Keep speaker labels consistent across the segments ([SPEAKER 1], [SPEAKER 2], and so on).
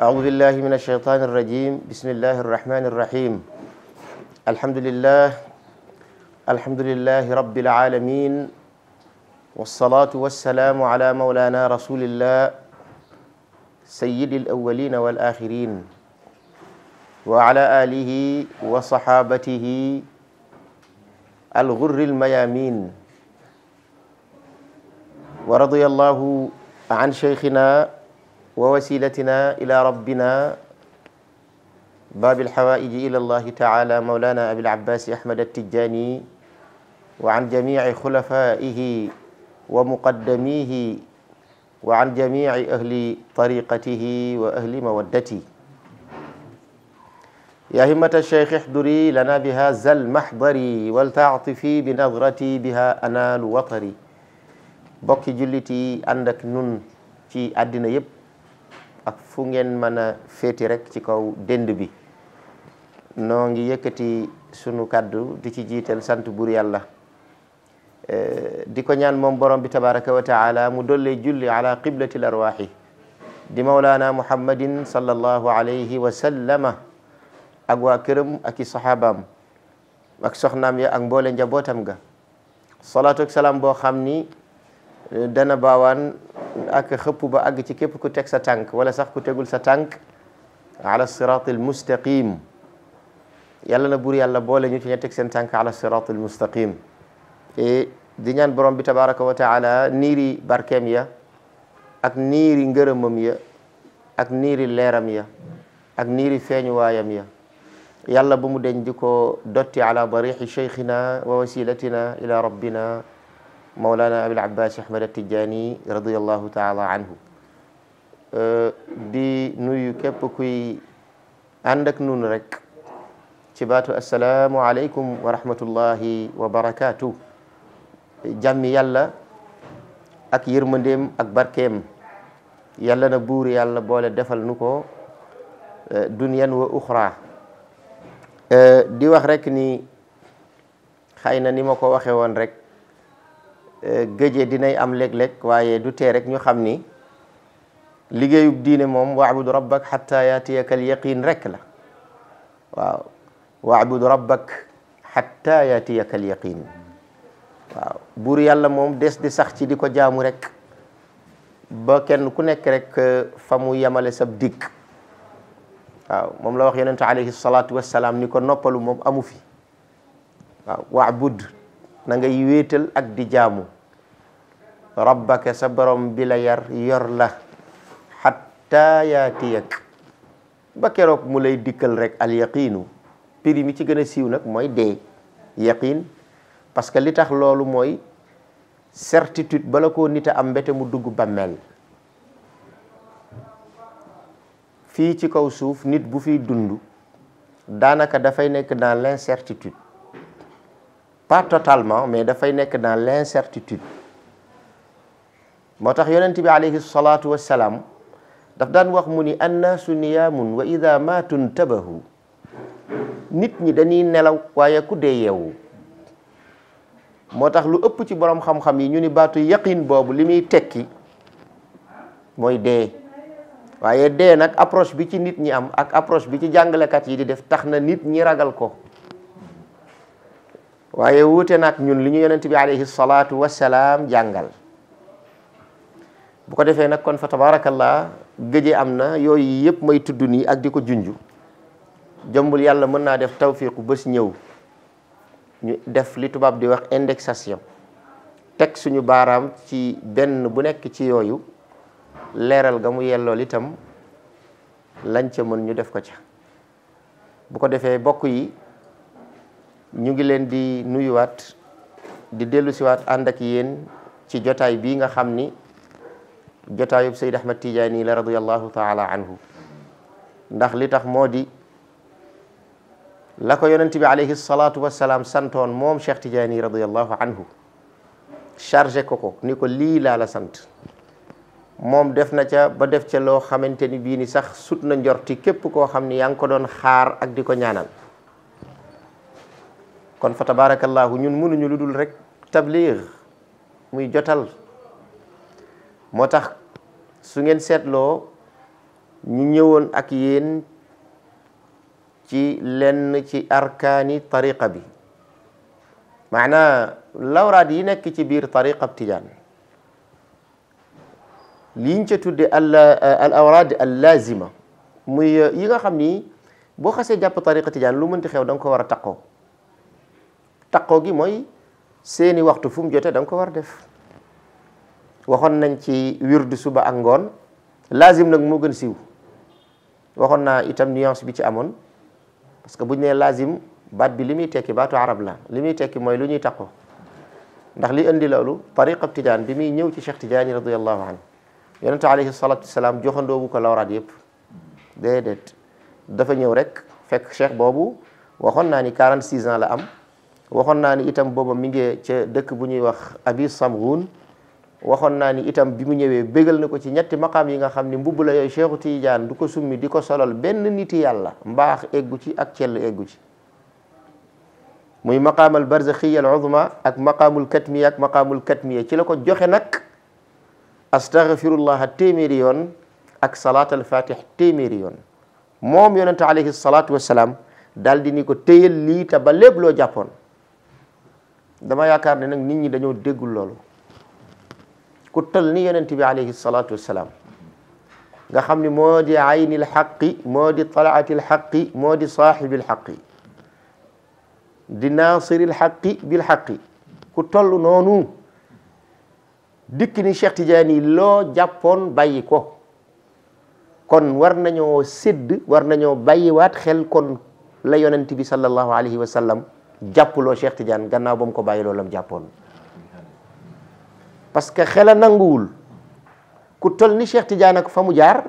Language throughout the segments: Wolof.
[SPEAKER 1] أعوذ بالله من الشيطان الرجيم بسم الله الرحمن الرحيم الحمد لله الحمد لله رب العالمين والصلاة والسلام على مولانا رسول الله سيد الأولين والآخرين وعلى آله وصحابته الغر الميامين ورضي الله عن شيخنا ووسيلتنا إلى ربنا باب الحوائج إلى الله تعالى مولانا أبي العباس أحمد التجاني وعن جميع خلفائه ومقدميه وعن جميع أهل طريقته وأهل مودته يا همة الشيخ احضري لنا بهذا المحضر ولتعطفي بنظرتي بها أنال وطري bokki جلتي عندك نون في nun ci ak fu ngeen mën a féeti rek ci kaw dënd bi ngi yëkkati sunu kàddu di ci jiital sant buur yàlla eh, di ko ñaan moom borom bi tabaraka wa mu dollee julli ala qiblatil arwaaxi di mawlaana muhammadin sallallahu alayhi wa ak waa këram ak i saxaabaam ak njabootam ga salaatu ak boo xam ni dana baawaan ak xëpp ba àgg ci képp ku teg sa tànk wala sax ku tegul sa tànk ala siraatil mustaqim yàlla na bur yàlla boole ñu ci ña teg seen tànk ala siraatil mustaqim e di ñaan borom bi tabaraka wa taala niiri barkeem ya ak niiri ngërëmam ya ak niiri leeram ya ak niiri feeñuwaayam ya yàlla bu mu دوتي على ko شيخنا ووسيلتنا إلى ربنا Maulana Abil Abbas Ahmad Tijani radiyallahu taala anhu di nuyu képp kuy ànd ak nun rek ci baatu assalaamu aleykum wa rahmatullahi wa barakaatu jàmmi yàlla ak yërmandeem ak barkeem yàlla na buur yàlla boole defal nu ko dunyan wa uxra di wax rek ni xëy na ni ma ko waxe woon rek Eh, gëje dinay am léeg-léeg waaye du tee rek ñu xam ni liggéeyub diine moom waabud rabbak xata yaatiyaka al yaqin rek la waaw waabud rabbak xata yaatiyaka al yaqin waaw buur yàlla moom des di sax ci di ko jaamu rek ba kenn ku nekk rek eh, fa mu yemale sab digg waaw moom la wax yonente alayhi salaatu wassalaam ni ko noppalu moom amu fi waaw waabud na nga wéetal ak di jamu rabbaka sabaram bila yar yor la hatta yatiyak ba mu lay dikkel rek al yaqin pri mi ci gëna a siiw nag mooy dee yaqin parce que li tax lolu moy certitude balako nita am bété mu dugg bammel fi ci kaw suuf nit bu dundu danaka da fay nek dans l'incertitude pas totalement mais fay nek dans l'incertitude motax tax yonent bi alayhi salatu wassalam daf dan wax muni ni annaasu wa idha matun tabahu nit ñi dañi nelaw waye ku de yew motax lu upp ci borom xam-xam yi ñu ni batu yaqin bobu limi tekki moy de waye de nak approche bi ci nit ñi am ak approche bi ci kat yi di def taxna nit ñi ragal ko waaye wuute naat ñun li ñu yonent bi alayhi salaatu wasalaam jàngal bu ko defee nag kon fa tabaarakallah gëje am na yooyu yëpp mooy tudd nii ak di ko junju jombul yàlla mën naa def ba si ñëw ñu def li tubaab di wax indexation teg suñu baaraam ci benn bu nekk ci yooyu leeral ga mu yellool itam lañ ca mën ñu def ko ca bu ko defee bokk yi ñu ngi leen di nuyuwaat di dellu siwaat ànd ak yéen ci jotaay bii nga xam ni jotaayub Seyd Ahmad la radiyallahu taala anhu ndax li tax moo di la ko yonent bi alayhi salaatu wassalaam santoon moom Cheikh radiyallahu anhu chargé ko ko ni ko lii laa la sant moom def na ca ba def ca loo xamante ni bii ni sax sut na njorti képp koo xam ko doon xaar ak di ñaanal kon fa tabaarakallaahu ñun mënuñu lu dul rek tabliir muy jotal moo tax su ngeen seetloo ñu ñëwoon ak yéen ci lenn ci arkaani tariqa bi maanaa lawraat yi nekk ci biir tariqa tijaan liñ ca tudde al al awraad al lazima muy yi nga xam ni boo xasee jàpp tariqa tijaan lu mënti xew da nga ko war a taqoo taqoo gi mooy seeni waxtu fu mu jotee da nga ko war def waxoon nañ ci wirdu suba ak ngoon lazim nag moo gën siiw waxoon naa itam nuance bi ci amoon parce que bu ñu nee lazim baat bi li muy tekki baatu arab la li muy tekki mooy lu ñuy taqoo ndax li indi loolu tariqab tijaan bi muy ñëw ci Cheikh Tijaani radiallahu anhu yonente alayhi salatu wasalaam joxandoo bu ko lawraat yëpp déedéet dafa ñëw rek fekk cheikh boobu waxoon naa ni 46 ans la am waxoon naa ni itam booba mi ngi ca dëkk bu ñuy wax abi samghun waxoon naa ni itam bi mu ñëwee bégal na ko ci ñetti maqaam yi nga xam ni mbubb la yooyu Cheikhu Tidiane du ko summi di ko solal benn niti yàlla mbaax eggu ci ak cell eggu ci muy maqaamal barzaxiya al uzma ak maqaamul katmiya ak maqaamul ci la ko joxe nag astaghfirullah téeméeri yoon ak salaat al fatih téeméeri yoon moom yonente alayhi salaatu wassalaam daal di ni ko téyal lii ba lépp loo jàppoon dama yaakaar ne nag nit ñi dañoo déggul loolu ku tël ni yonent bi alayhi salaatu wassalaam nga xam ni moo di ayni lxaqi moo di talaati lxaqi moo di saaxibi lxaqi di naasiri lxaqi bilxaqi ku toll noonu dikk ni Cheikh Tidiane yi loo jàppoon bàyyi ko kon war nañoo sedd war nañoo bàyyiwaat xel kon la yonent bi sallallahu alayhi wa sallam jappulo Cheikh Tidiane gannaaw bam ko bàyyi Pas jappone parce que xela nangul ku tol ni Cheikh Tidiane ak famu jaar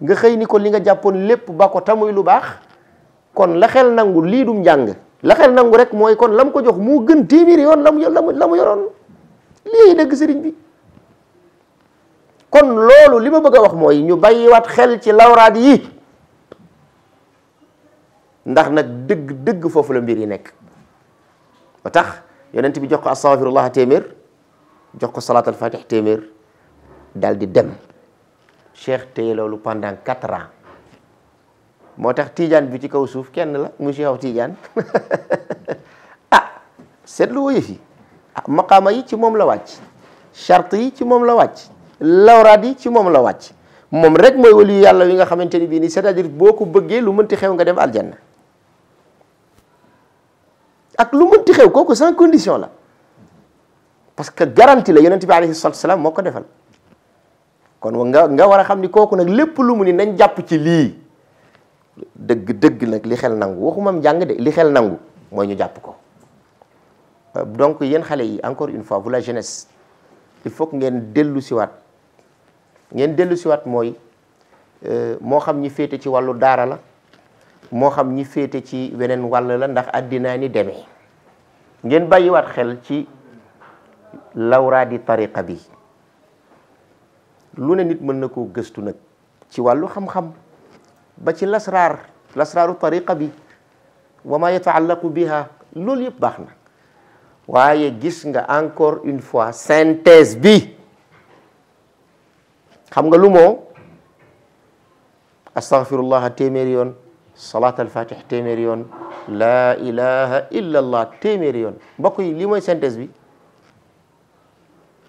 [SPEAKER 1] nga xey ni ko li nga jappone lepp bako tamuy lu bax kon la xel nangul li dum jang la xel nangul rek moy kon lam ko jox mo gën timir yon lam lam la bi kon lolu lima ma bëgg wax moy ñu wat xel ci lawraat yi ndax nak deug deug fofu la mbir yi ba tax yonent bi jox ko astaghfirullah temir jox ko salat al fatih temir dal di dem cheikh téye lolou pendant 4 ans motax tidiane bi ci kaw souf kenn la mu cheikh tidiane ah set lu waye ah, fi maqama yi ci mom la wacc charte yi ci mom la wacc lawraat ci mom la wacc mom rek moy waliyu yalla wi nga bi ni c'est-à-dire boko beugé lu meunti xew nga dem aljanna ak lu ti xew kooku sans condition la parce que garantie la yonent bi alayhi salatu salaam moo ko defal kon nga nga war a xam ni kooku nag lépp lu mu ni nañ jàpp ci lii dëgg dëgg nag li xel nangu waxumam jàng de li xel nangu mooy ñu jàpp ko euh, donc yéen xale yi encore une fois vous la jeunesse il faut ngeen dellu siwaat ngeen dellu siwaat mooy euh, moo xam ñi féete ci wàllu daara la moo xam ni féete ci weneen wàll la ndax addinaa ni deme ngeen bàyyiwaat xel ci lawraadi tariqa bi lu ne nit mën na koo gëstu nag ci wàllu xam-xam ba ci lasraar lasraaru tariqa bi wa ma yataallaqu biha loolu yëpp baax na waaye gis nga encore une fois synthèse bi xam nga lu moo astaghfirullah téeméeri yoon salaatal fatih téeméeri yoon laa ilaha téeméeri yoon mbokk yi lii mooy synthèse bi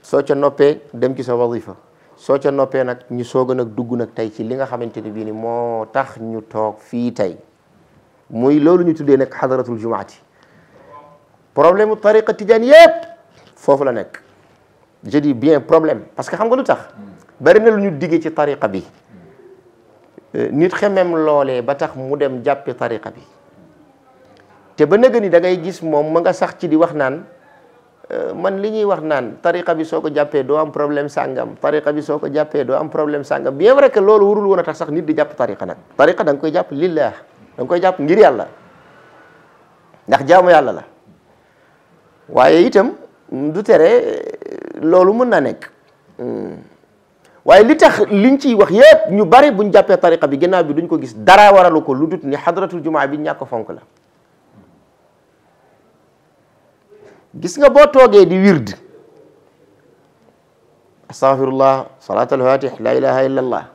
[SPEAKER 1] soo ca noppee dem ci sa wazifa soo ca noppee nag ñu soog nag dugg nag tey ci li nga xamante ni bii ni moo tax ñu toog fii tey muy loolu ñu tuddee nag xadaratul jumaati problème mu tariqa tijaan yépp foofu la nekk je dis bien problème parce que xam nga lu tax hmm. bari na lu ñu diggee ci tariqa bi nit xemem lolé ba tax mu dem jappi tariqa bi té ba nëga ni da ngay gis mom ma nga sax ci di wax nan euh, man li ñuy wax nan tariqa bi soko jappé do am problème sangam tariqa bi soko jappé do am problème sangam bien vrai que lolu wurul wona tax sax nit di japp tariqa nak tariqa dang koy japp lillah dang koy japp ngir yalla ndax jaamu yalla la waye itam du téré euh, lolu mën waaye li tax liñ ciy wax yépp ñu bari buñ jàppee tariqa bi ginnaaw bi duñ ko gis dara waralu ko lu dut ni xadratul jumaa bi ñàkk fonk la gis nga boo toogee di wird astaghfirullah salat alfatih la ilaha illa allah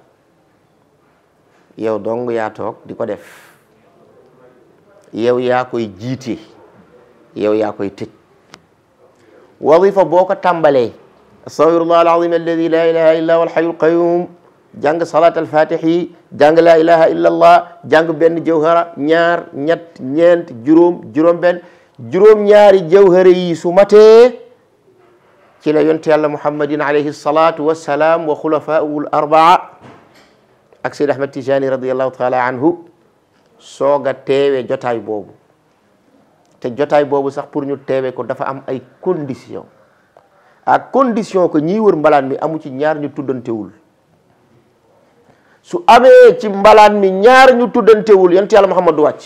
[SPEAKER 1] yow dong yaa toog di ko def yow yaa koy jiite yow yaa koy tëj wadifa boo ko tàmbalee أستغفر الله العظيم الذي لا إله إلا هو الحي القيوم جانغ صلاة الفاتحة جانغ لا إله إلا الله جانغ بن جوهرة نيار نيت نيت جروم جروم بن جروم نيار جوهري سمته كلا ينتهي الله محمد عليه الصلاة والسلام وخلفاء الأربعة أكسر أحمد تجاني رضي الله تعالى عنه سوغا تيوي جوتاي بوبو تجوتاي بوبو ساق بورنيو تيوي كو دفع أم أي كونديسيون A condition que ñi wër mbalan mi amu ci ñaar ñu tuddantewul su amé ci mbalan mi ñaar ñu tuddantewul yent yalla muhammad wacc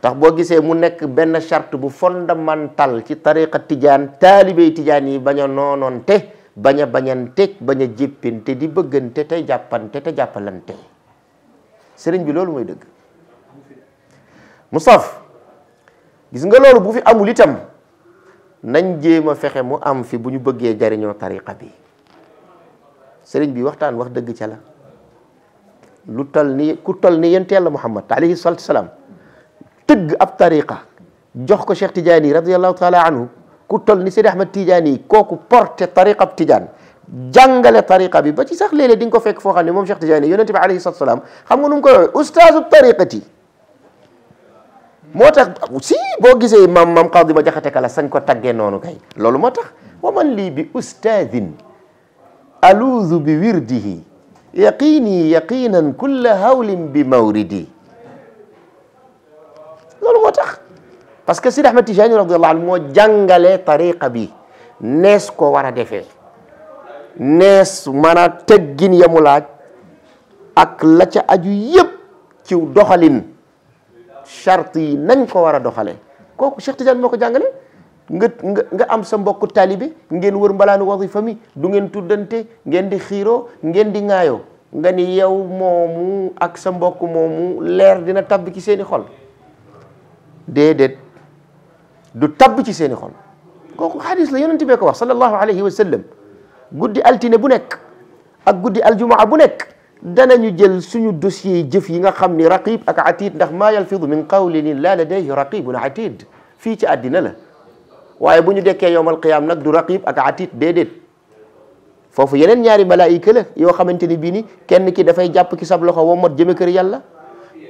[SPEAKER 1] Tak tax bo munek mu nekk ben charte bu fondamental ci tariqa tijaan talibé teh yi baña a noonoonte bañ a bañante di bëggante te jàppante te jàppalante sëriñ bi loolu moy dëgg Mustaf gis nga loolu bu fi amul itam nañ jéem fexe mu am fi bu ñu bëggee jariñoo tariqa bi sëriñ bi waxtaan wax dëgg ca la lu tal ni ku tal ni yent yàlla muhammad alayhi salatu salaam tëgg ab tariqa jox ko cheikh tidiane radiallahu taala anhu ku tal ni sidi ahmad tidiane yi kooku porté tariqa ab tidiane jàngale tariqa bi ba ci sax léeg-léeg di nga ko fekk foo xam ne moom cheikh tidiane yi yonente bi alayhi salatu salaam xam nga nu mu ko woowee ustaasu tariqati moo tax si boo gisee maam maam xaw di ma jaxate sañ ko taggee noonu kay loolu moo tax wa man lii bi ustaadin aluudu bi wirdihi yaqini yaqinan kulla hawlin bi mawridi loolu moo tax parce que Sidi Ahmed Tijani radiallahu anhu moo jàngale tariqa bi nees ko war a defee nees mana teggin yamu laaj ak la aju yëpp ci doxalin charte yi nañ ko war a doxalee kooku Cheikh Tidiane moo ko jàngale nga nga am sa mbokku taalibe ngeen wër mbalaanu wasifa mi du ngeen tuddante ngeen di xiiroo ngeen di ŋaayoo nga ni yow moomu ak sa mbokk moomu leer dina tabb ci seeni xol déedéet du tabb ci seeni xol kooku xadis la ti bee ko wax sallallahu alayhi wa sallam guddi altine bu nekk ak guddi aljumaa bu nekk danañu jël suñu dossier jëf yi nga xamni ni raqib ak atid ndax ma yalfidu min qawlin la ladayhi raqibun atid fi ci adina la waye buñu dekké dekkee yowmal qiyaam du raqib ak atid dedet fofu yenen ñaari malaika la yo xamanteni bi ni kenn ki fay japp ki sab loxo mot jëme kër yalla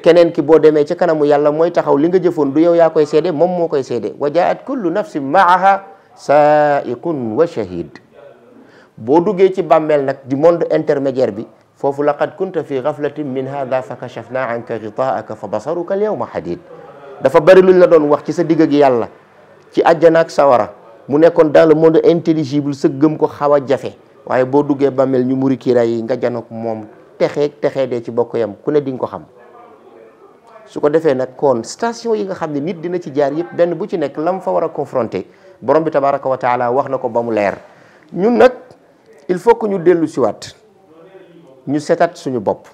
[SPEAKER 1] kenen ki bo démé ci kanamu yalla moy taxaw li nga jëfoon du yow yaa koy seede moom koy sédé wajaat kullu nafsin maaha saiqun wa shahid bo duggé ci bammel nak di monde intermédiaire bi fofu laqad kunta fi ghaflatin min hadha fakashafna anka ghita'aka fabasaruka basaruka al yawma hadid dafa bari luñ la doon wax ci sa digg ak yàlla ci aljana ak sawara mu nekkon dans le monde intelligible se gem ko xawa jafé jafe bo duggé duggee bàmmeel ñu muri kiira yi nga mom texé ak texé dé ci bokk yam ku ne di nga ko xam suko ko nak kon station yi nga xam ne nit dina ci jaar yépp ben bu ci nek lam fa wara confronter borom bi tabaraka wa taala wax nako ba mu ñun nak il faut que ñu ci wat ñu setaat suñu bopp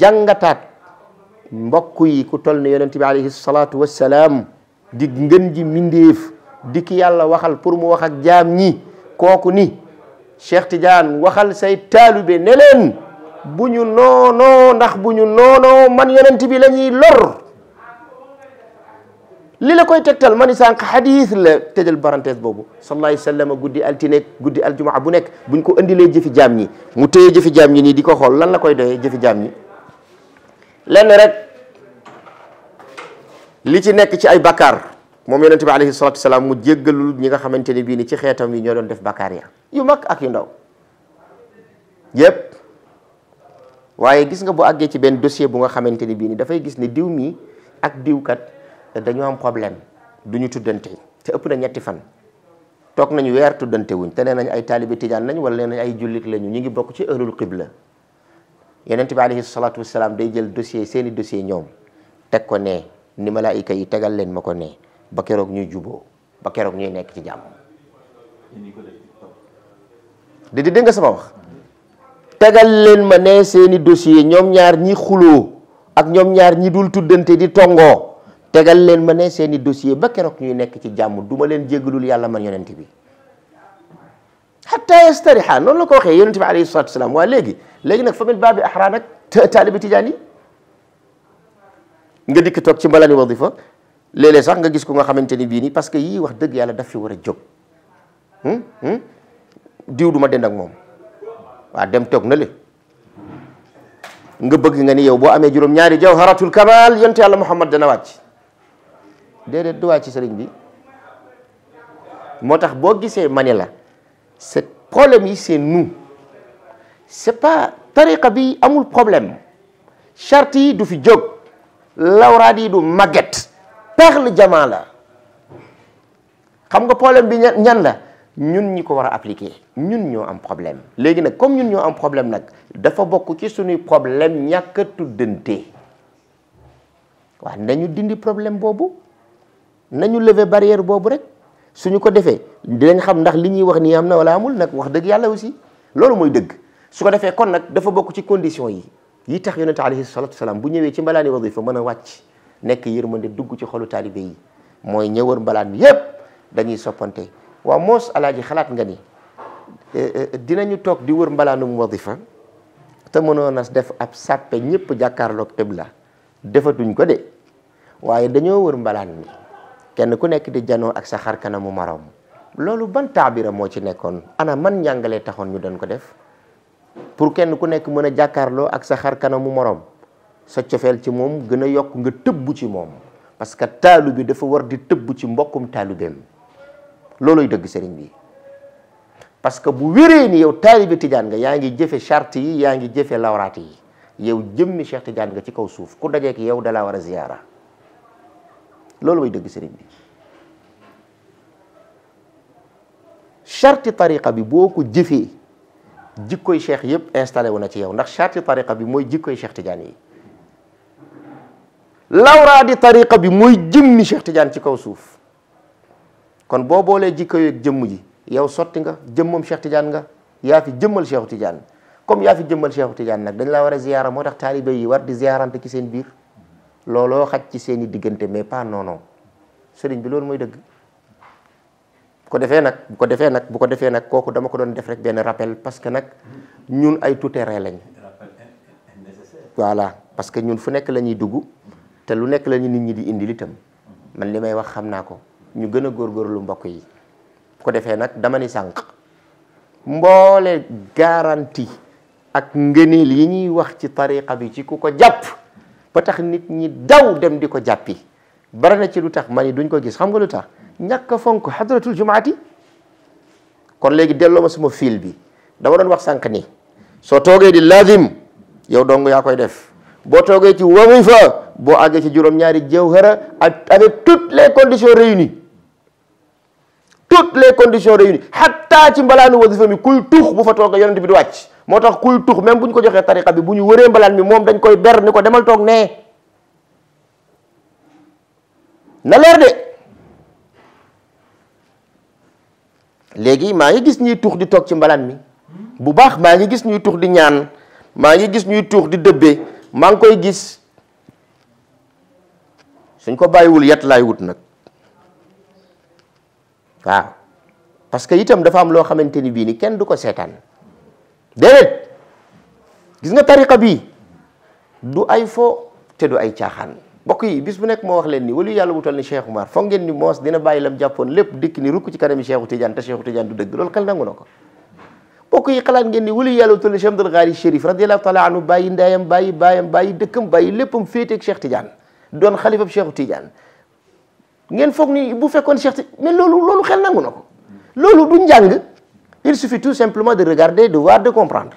[SPEAKER 1] jàngataat mbokk yi ku toll ne yonent bi alayhi salaatu wassalaam di ngën ji mi di ki yàlla waxal pour mu wax ak jaam ñi kooku ni Cheikh Tidiane waxal say taalibe ne leen bu ñu noonoo ndax bu ñu noonoo man yonent bi lañuy ñuy lor lila koy tektal ma sank hadith la tejal parenthèse bobu sallallahu alaihi wasallam sallam guddi altine guddi aljumaa bu nek buñ ko indilee jëfi jamni. ni mu jëfi ni diko di lan la koy doye jëfi jaam ñi lenn rek li ci nek ci ay bakar mom yonente bi alayhi salatu wasalaam mu jéggalul ñi nga xamanteni bi ni ci xeetam yi ñoo doon def bakar ya yu mak ak yu ndaw yep waye gis nga bu àggee ci ben dossier bu nga xamanteni ne ni ni fay gis ni diw mi ak kat dañu am problème du ñu tuddante te ëpp na ñetti fan toog nañu weer tuddante wuñ te nee nañ ay taalibi tijaan nañ wala nee ay jullit lañu ñu ngi bokk ci ahlul qibla yonent bi alayhi salaatu wasalaam day jël dossier seeni dossier ñoom teg ko nee ni malaayika yi tegal leen ma ko nee ba keroog ñuy juboo ba keroog ñuy nekk ci jàmm di di nga sama tegal leen ma ne seeni dossier ñoom ñaar ñi xuloo ak ñoom ñaar ñi dul tuddante di tongoo tegal leen ma ne seeni dossier ba keroog ñuy nekk ci jàmm duma leen jéggalul yàlla man yonent bi xatta yastariha noonu la ko waxee yonent bi alayhi salatu wasalaam waa léegi léegi nag famille baabi ahra nag taalibi tijaan yi nga dikk toog ci mbalaani wadifa léeg-léeg sax nga gis ko nga xamante ni bii nii parce que yii wax dëgg yàlla daf fi war a jóg hmm? Hmm? diw duma de ak moom waa dem toog na le nga bëgg nga ni yow boo amee juróom ñaari jawharatul kamal yonent yàlla muhammad dana wàcc déedéet du ci serigne bi motax bo gisee manela ce problème yi c'est nous c'est pas tariqa bi amul problème charti du fi jog lawradi du màgget perle jamala xam nga problème bi ñan la ñun ñi ko wara appliquer ñun ñoo am problème légui nak comme ñun ñoo am problème nag dafa bok ci suñu problème ñàkk tudenté wa nañu dindi problème bobu nañu lever barrière boobu rek su ñu ko defee dinañ xam ndax li ñuy wax nii am na wala amul nag wax dëgg yàlla aussi loolu mooy dëgg su ko defee kon nag dafa bokk ci condition yi yi tax yonente alayhi salatu salaam bu ñëwee ci mbalaani wadifa mën a wàcc nekk yërmande dugg ci xolu taalibe yi mooy ñëwër mbalaan bi yépp dañuy soppante waa moos alaaji xalaat nga ni eh, eh, dinañu toog di wër mbalaanum wadifa te mënoon a def ab sàppe ñëpp jàkkaarloog xibla defatuñ ko de waaye dañoo wër mbalaan mi kenn ku nekk di janoo ak sa xar kanamu moroom loolu ban taabira moo ci nekkoon ana man njàngalee taxoon ñu doon ko def pour kenn ku nekk mën a jàkkaarloo ak sa xar kanamu moroom sa cofeel ci moom gën a yokk nga tëbb ci moom parce que taalu bi dafa war di tëbb ci mbokkum taalubeem looloy dëgg sëriñ bi parce que bu wéree ni yow taalibe tijaan nga yaa ngi jëfe charte yi yaa ngi jëfe lawraat yi yow jëmmi Cheikh Tidiane nga ci kaw suuf ku dajeek yow dalaa war a ziyaara loolu mooy dëgg sëriñ bi charti tariqa bi boo ko jëfee jikkooy cheikh yëpp installé wu na ci yow ndax charti tariqa bi mooy jikkoy cheikh Tidiane yi lawraadi tariqa bi mooy jëmmi cheikh Tidiane ci kaw suuf kon boo boolee jikko yeeg jëmm ji yow sotti nga jëmmam cheikh Tidiane nga yaa fi jëmmal cheikh Tidiane comme yaa fi jëmmal cheikh Tidiane nag dañ laa war a ziyaara moo tax taalibe yi war di ziyaarante ci seen biir lolo xaj ci seeni digënté mais pas non non sëriñ bi lool moy dëgg ko défé nak bu ko défé nak bu ko défé nak koku dama ko doon def rek ben rappel parce que nak ñun ay tout-terrain lañ voilà parce que ñun fu nek lañuy dugg té lu nek la nit ñi di indi litam man limay wax xamna ko ñu gor gor lu mbokk yi ko défé nak dama ni sank mbolé garantie ak ngëneel yi ñi wax ci tariqa bi ci kuko ko ba tax nit ñi daw dem di ko jàppi bari na ci lu tax man yi duñ ko gis xam nga lu tax ñàkk fonk hadratul jumaati kon léegi delloo ma suma fil bi dama doon wax sànq ni soo toogee di lazim yow dong yaa koy def boo toogee ci wazifa boo àggee ci juróom-ñaari jawhara ak avec toutes les conditions réunies toutes les conditions réunies hatta ci mbalane wasifa mi kul tukh bu fa tok yonent bi di wacc motax kul tukh même buñ ko joxe tariqa bi buñu wéré mbalane mi mom dañ koy ber ni ko demal tok né na leer de légui ma ngi gis ñi tukh di tok ci mbalane mi bu baax ma ngi gis ñi tukh di ñaan ma ngi gis ñi tukh di debbe ma ngi koy gis suñ ko bayiwul yat lay wut nak waaw parce que itam dafa am loo xamante ni bii ni kenn du ko seetaan déedéet gis nga tariqa bii du ay fo te du ay caaxaan mbokk yi bis bu nekk wax leen ni walu yàlla wutal ni Cheikh Oumar foog ngeen ni moos dina lépp dikk ni rukk ci kanami Cheikhu Tidiane te Cheikhu Tidiane du dëgg loolu xel nangu na ko yi xalaat ngeen ni walu yàlla wutal ni Cheikh Abdul Ghani Chérif radiallahu taala anhu bàyyi ndeyam bàyyi baayam bàyyi dëkkam bàyyi léppam doon xalifab Cheikhu Tidiane ngeen foog ni bu fekkoon Cheikh mais loolu loolu xel nangu na ko loolu du njàng il suffit tout simplement de regarder de voir de comprendre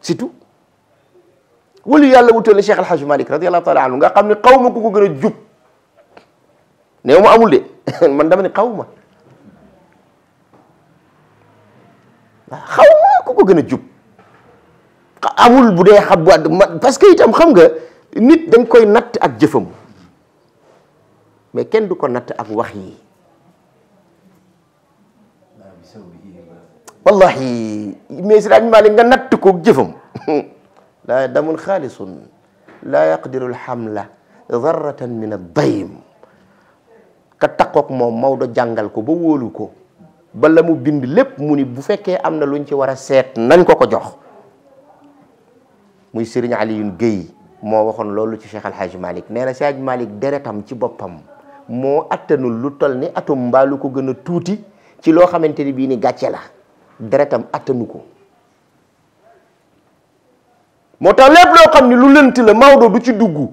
[SPEAKER 1] c'est tout wala yàlla wutal na Cheikh El malik radi radiyallahu taala anhu nga xam ne xaw ma ku ko gën a jub néew ma amul de man dama ne xaw ma xaw ma ku ko gën a jub amul bu dee xam parce que itam xam nga nit dañ koy natt ak jëfam. mais kenn du ko natt ak wax yi wallahi mais Seydi Hadji Malick nga natt ko jëfam laa damun xaalisun laa yaqdiru alxamla darratan min addayim ka taqoog moom Maodo jàngal ko ba wóolu ko ba mu bind lépp mu ni bu fekkee am na luñ ci war a seet nañ ko ko jox muy Serigne Alioune Guèye moo waxoon loolu ci Cheikh Al Hadj Malick nee na Cheikh Malick deretam ci boppam mo atenu lu tol ni atu mbalu ko gëna a tuuti ci lo xamanteni bi ni gatché la deretam atenu ko moo tax lépp loo xam lu lënt la mawdo du ci duggu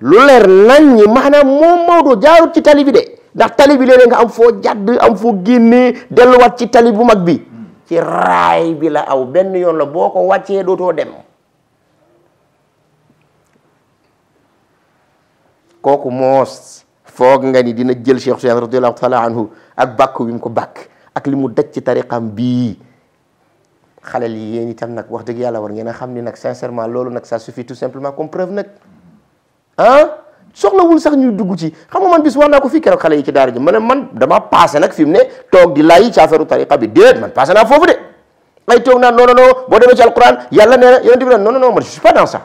[SPEAKER 1] lu leer nañ ni maanaam mo mawdo jaaru ci tali de ndax talibi bi nga am fo jadd am delu wat ci talibu mag bi hmm. ci ray bi la aw ben yoon la boko wacce doto dem koku mos fog nga ni dina jël Cheikh Sufyaan radhiyallahu taala anhu ak bakku bim ko bak ak limu mu daj ci tariqam bi xale yi yéen itam nag wax deug yalla war ngeena a xam ni sincèrement lolu nak ça suffit tout simplement comme preuve hein ah wul sax ñu dugg ci xam nga man bis wax na ko fi kéro xale yi ci daara ji ma man dama passé nak fimné tok di lay ci affaireu tariqa bi déet man passé na fofu de ay tok na non non bo boo ci alcorane yalla néna na yonent bi non non non man je suis pas dans ça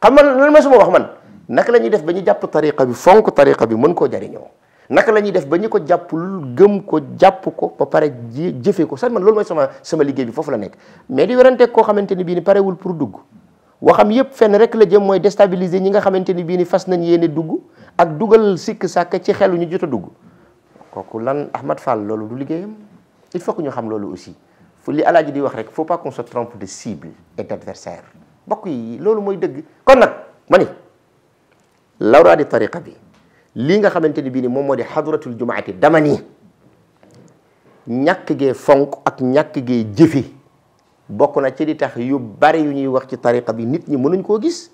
[SPEAKER 1] xam nga lan ma suma wax man naka la ñuy def ba ñu jàpp tariqa bi fonk tariqa bi mën koo jariñoo naka la ñuy def ba ñu ko jàppul gëm ko jàpp ko ba pare ji jëfee ko sax man loolu mooy sama sama liggéey bi foofu la nekk mais di werante ko xamante ni bii ni parewul pour dugg waxam fenn rek la jëm mooy déstabiliser ñi xamante ni bii ni fas nañ yéene dugg ak dugal sikk sàkk ci xelu ñu jot a dugg kooku lan Ahmad Fall loolu lu liggéeyam il faut que ñu xam loolu aussi fu li alaaji di wax rek faut pas qu'on se trompe de cible et d'adversaire mbokk yi loolu mooy dëgg kon nag ma lawraadi tariqa bi lii nga xamante ne bii ni moom moo de xadratul jumaati dama nii ñaq gee fonk ak ñàkk gee jëfi bokk na ci di tax yu bari yu ñuy wax ci tariqa bi nit ñi mënuñ koo gis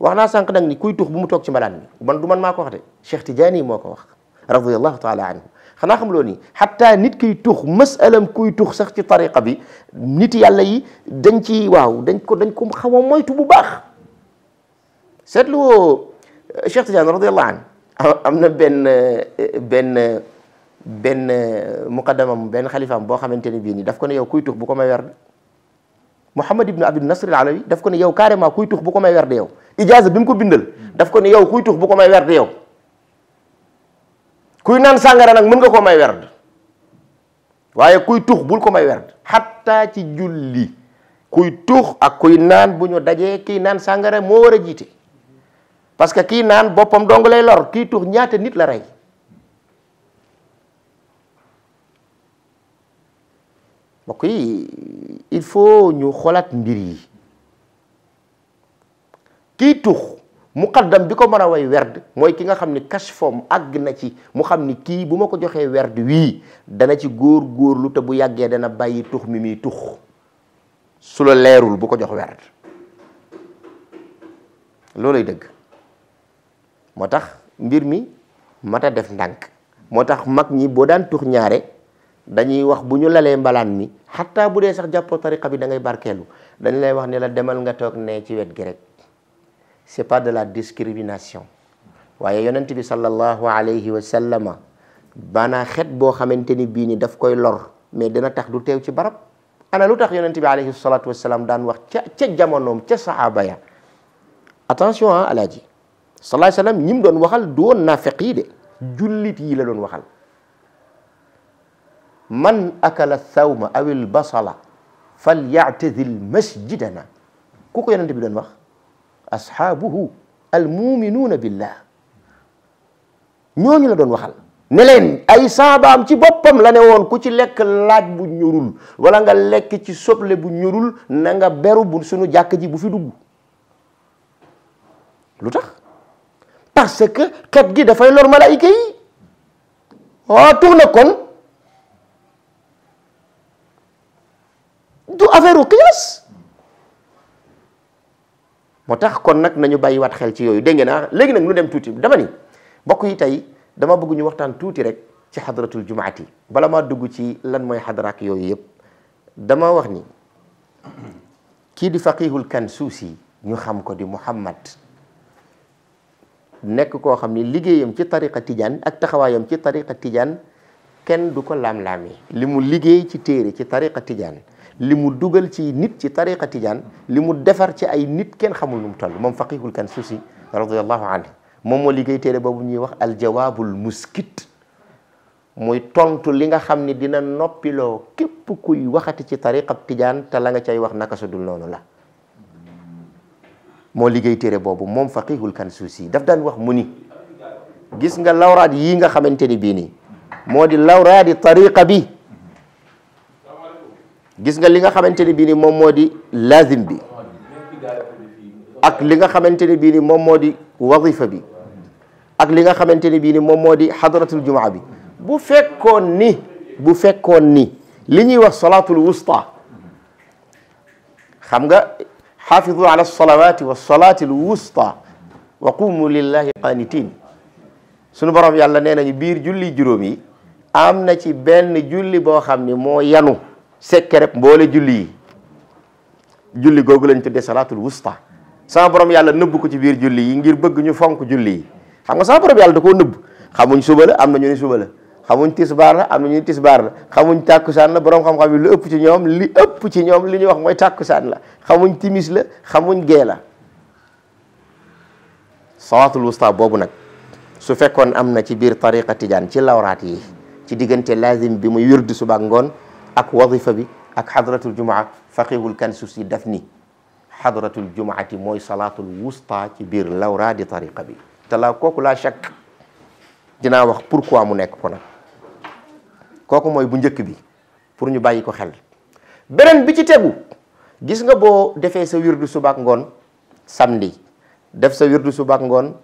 [SPEAKER 1] wax naa sànq nag ni kuy tux bu mu toog ci mbalaan mi man du man maa ko wax de Cheikh Tidiane moo ko wax radiyallahu taala anhu xanaa xam loo ni xataa nit kiy tux masalam kuy tux sax ci tariqa bi nit yàlla yi dañ ci waaw dañ ko dañ ko xaw moytu bu baax seetlu woo Cheikh Tidiane radiyallahu anhu am na benn benn benn muqaddamam benn xalifaam boo xamante ne bii nii daf ko ne yow kuy tux bu ko may werd Mouhamad ibn al Alawi daf ko ne yow carrément kuy bu ko may yow ijaaza bi mu ko bindal daf ko ne yow kuy tux bu ko may werd yow kuy naan sàngara nag mën nga ko may werd waaye kuy tux bul ko may werd xatta ci julli kuy tux ak kuy naan bu ñu dajee kiy naan sangara moo war a jiite parce que ki nan bopam dong lay lor ki tuh ñaata nit la ray mbokk yi il faut ñu xolat mbir yi ki tuh muqaddam bi mëna way werd moy ki nga xamni ni kashfom ag na ci mu xamni ni buma bu ko joxe werd wi dana ci gor lu te bu yagge dana bayyi tuh mi mi tuh su leerul bu ko jox werd lolay deug motax mbir mi mata def ndank motax tax mag ñi bo daan tux ñaare dañuy wax buñu lalé mbalan mi hatta bu dee sax jappo tariqa bi da ngay barkeelu dañ lay wax ne la demal nga tok né ci wét gi rek c'est pas de la discrimination waye yonent bi sallallahu alayhi wa sallam bana xet bo xamanteni bi ni daf koy lor mais dina tax du tew ci barab ana lutax tax bi alayhi salatu wasalaam daan wax ci jamonoom ca ya attention ah alaji. sallallahu alayhi wa sallam ñi mu doon waxal doon naafiq yi de jullit yi la doon waxal man akala thawma aw al basala falyatazil masjidana ku ko yonent bi doon wax ashaabuhu almuminuuna billah ñooñu la doon waxal ne leen ay saabaam ci boppam la ne woon ku ci lekk laaj bu ñorul wala nga lekk ci soble bu ñorul na nga beru bu sunu jàkk ji bu fi dugg lu tax parce que kat gi fay lor Oh, yi wa ah, tourna kon du affaire u qiyaas moo kon nak nañu wat xel ci yoyu dengena ah? nak dem touti dama ni mbokk yi tay dama bëgg ñu waxtaan touti rek ci hadratul jumaati bala ma dugg ci lan moy hadrak yoyu yeb dama wax ni ki di faqihul kansusi ñu xam ko di Muhammad nekk koo xam ni liggéeyam ci tariqa tijaan ak taxawaayam ci tariqa tijaan kenn du ko laam-laami li mu liggéey ci téere ci tariqa tijaan li mu dugal ci nit ci tariqa tijaan li mu defar ci ay nit kenn xamul nu mu toll moom faqihul kan suusi radiallahu anhu moom moo liggéey téere boobu ñuy wax aljawaabul muskit muy tontu li nga xam ni dina noppiloo képp kuy waxati ci tariqa tijaan te la nga cay wax naka su noonu la mo ligay téré bobu mom faqihul kansusi daf daan wax muni gis nga lawrad yi nga bi ni modi lawrad di tariqa bi gis nga li nga bi ni mom modi lazim bi ak li nga bi ni mom modi wazifa bi ak li nga bi ni mom modi hadratul jumaa bi bu fekkoon ni bu fekkoon ni li ñi wax salatul wusta xam nga xaafidu ala salawaati wa salaati al wusta wa qumu lillahi qanitin sunu borom yàlla nee nañu biir julli juróom yi am na ci benn julli boo xam ni moo yanu sekkereb mboole julli yi julli googu lañ tuddee salaatul wusta sama borom yàlla nëbb ko ci biir julli yi ngir bëgg ñu fonk julli yi xam nga sama borom yàlla da koo nëbb xamuñ suba am na ñu ne suba xamuñ baar la am na ñuy tisbaar la xamuñ tàkkusaan la borom xam mu yi lu ëpp ci ñoom li ëpp ci ñoom li ñuy wax mooy tàkkusaan la xamuñ timis la xamuñ gee la salaatul wusta boobu nag su fekkoon am na ci biir tariqa tijaan ci lawraat yi ci diggante lazim bi muy wirdu suba ngoon ak wadifa bi ak xadratul jumaa faqihul kansu si daf ni xadratul jumaati mooy salaatul wusta ci biir lawraati tariqa bi te la kooku laa chak dinaa wax pourquoi mu nekk na kooku moy bu ñëk bi pour ñu bayiko ko xel benen bi ci teggu gis nga bo defé sa wirdu subak ngon samedi def sa wirdu subak ngon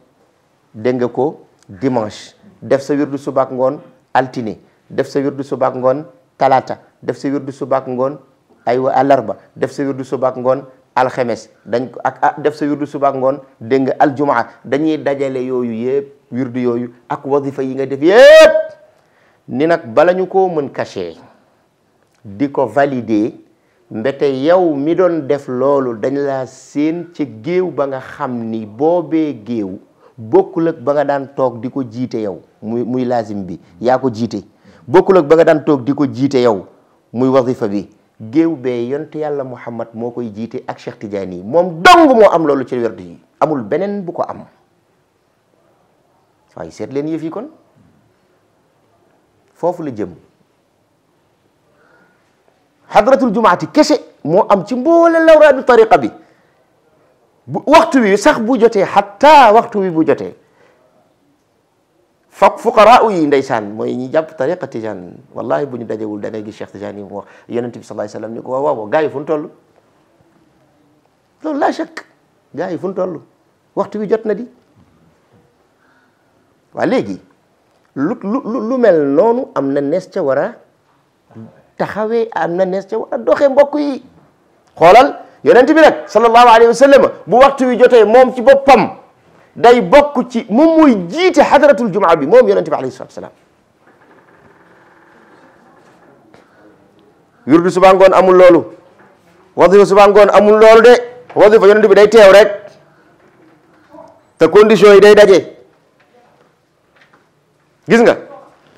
[SPEAKER 1] dégg nga ko dimanche def sa wirdu subak ngon altine def sa wirdu subak ngon talata def sa wirdu ngon ay wa alarba def sa wirdu ngon al khamis dañ ko ak ah, def sa wirdu subak ngon dégg nga aljumaa dañuy dajalé yoyu yépp wirdu yoyu ak wazifa yi nga def yépp ni nag balañu ñu koo mën caché di ko valider mbete yow mi doon def loolu dañ la seen ci géew ba nga xam ni boobee géew bokkul ak ba nga daan toog di ko jiite yow muy muy lazim bi yaa ko jiite bokkul ak ba nga daan toog di ko jiite yow muy wazifa bi géew bee yonent yàlla Muhammad moo koy jiite ak Cheikh Tidiane yi moom dong moo am loolu ci werdu yi amul beneen bu ko am waaye seet leen yëf kon foofu la jëm xadratul jumaati kese moo am ci mboole bu tariqa bi bu waxtu wi sax bu jote xatta waxtu wi bu jote fa fuqaraa yi ndeysaan mooy ñi jàpp tariqa tijaan wallahi bu ñu dajewul da ngay gis Cheikh Tijaan yi mu wax yonent bi sallallahu alayhi wasallam ni ko waaw waaw gaa yi fu ñu toll loolu laa chak gaa waxtu wi jot na di waa lu lu lu mel noonu am na nees ca war a taxawee am na nees ca war a doxee mbokk yi xoolal yonent bi nag sallallahu alayhi wa sallam bu waxtu wi jotee moom ci boppam day bokk ci moom muy jiite xadratul jumaa bi moom yonent bi alayhi salaatu salaam yurdu suba ngoon amul loolu wasifa suba ngoon amul loolu de wasifa yonent bi day teew rek te condition yi day daje gis nga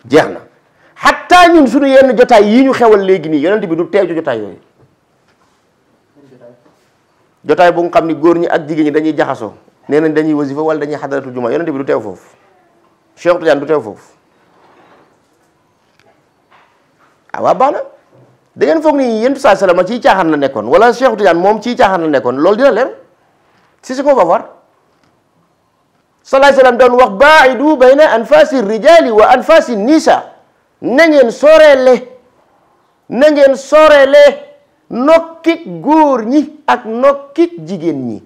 [SPEAKER 1] jeex na xataa ñun suñu yenn jotaay yi ñu xewal léegi nii yonent bi du teew ci jotaay yooyu jotaay bu nga xam ni góor ñi ak jigéen ñi dañuy jaxasoo nee nañ dañuy wasifa wala dañuy xadaratul juma yonent bi du teew foofu Cheikh Tidiane du teew foofu ah waa baax na da ngeen foog ni yéen saa salama ciy caaxaan na nekkoon wala Cheikh Tidiane moom ciy caaxaan la nekkoon loolu dina leer si si ko salaay salaam doon wax baaidu bayna anfasi rijali wa anfasi nisa na ngeen soreele na ngeen soreele nokkik góor ñi ak nokkik jigéen ñi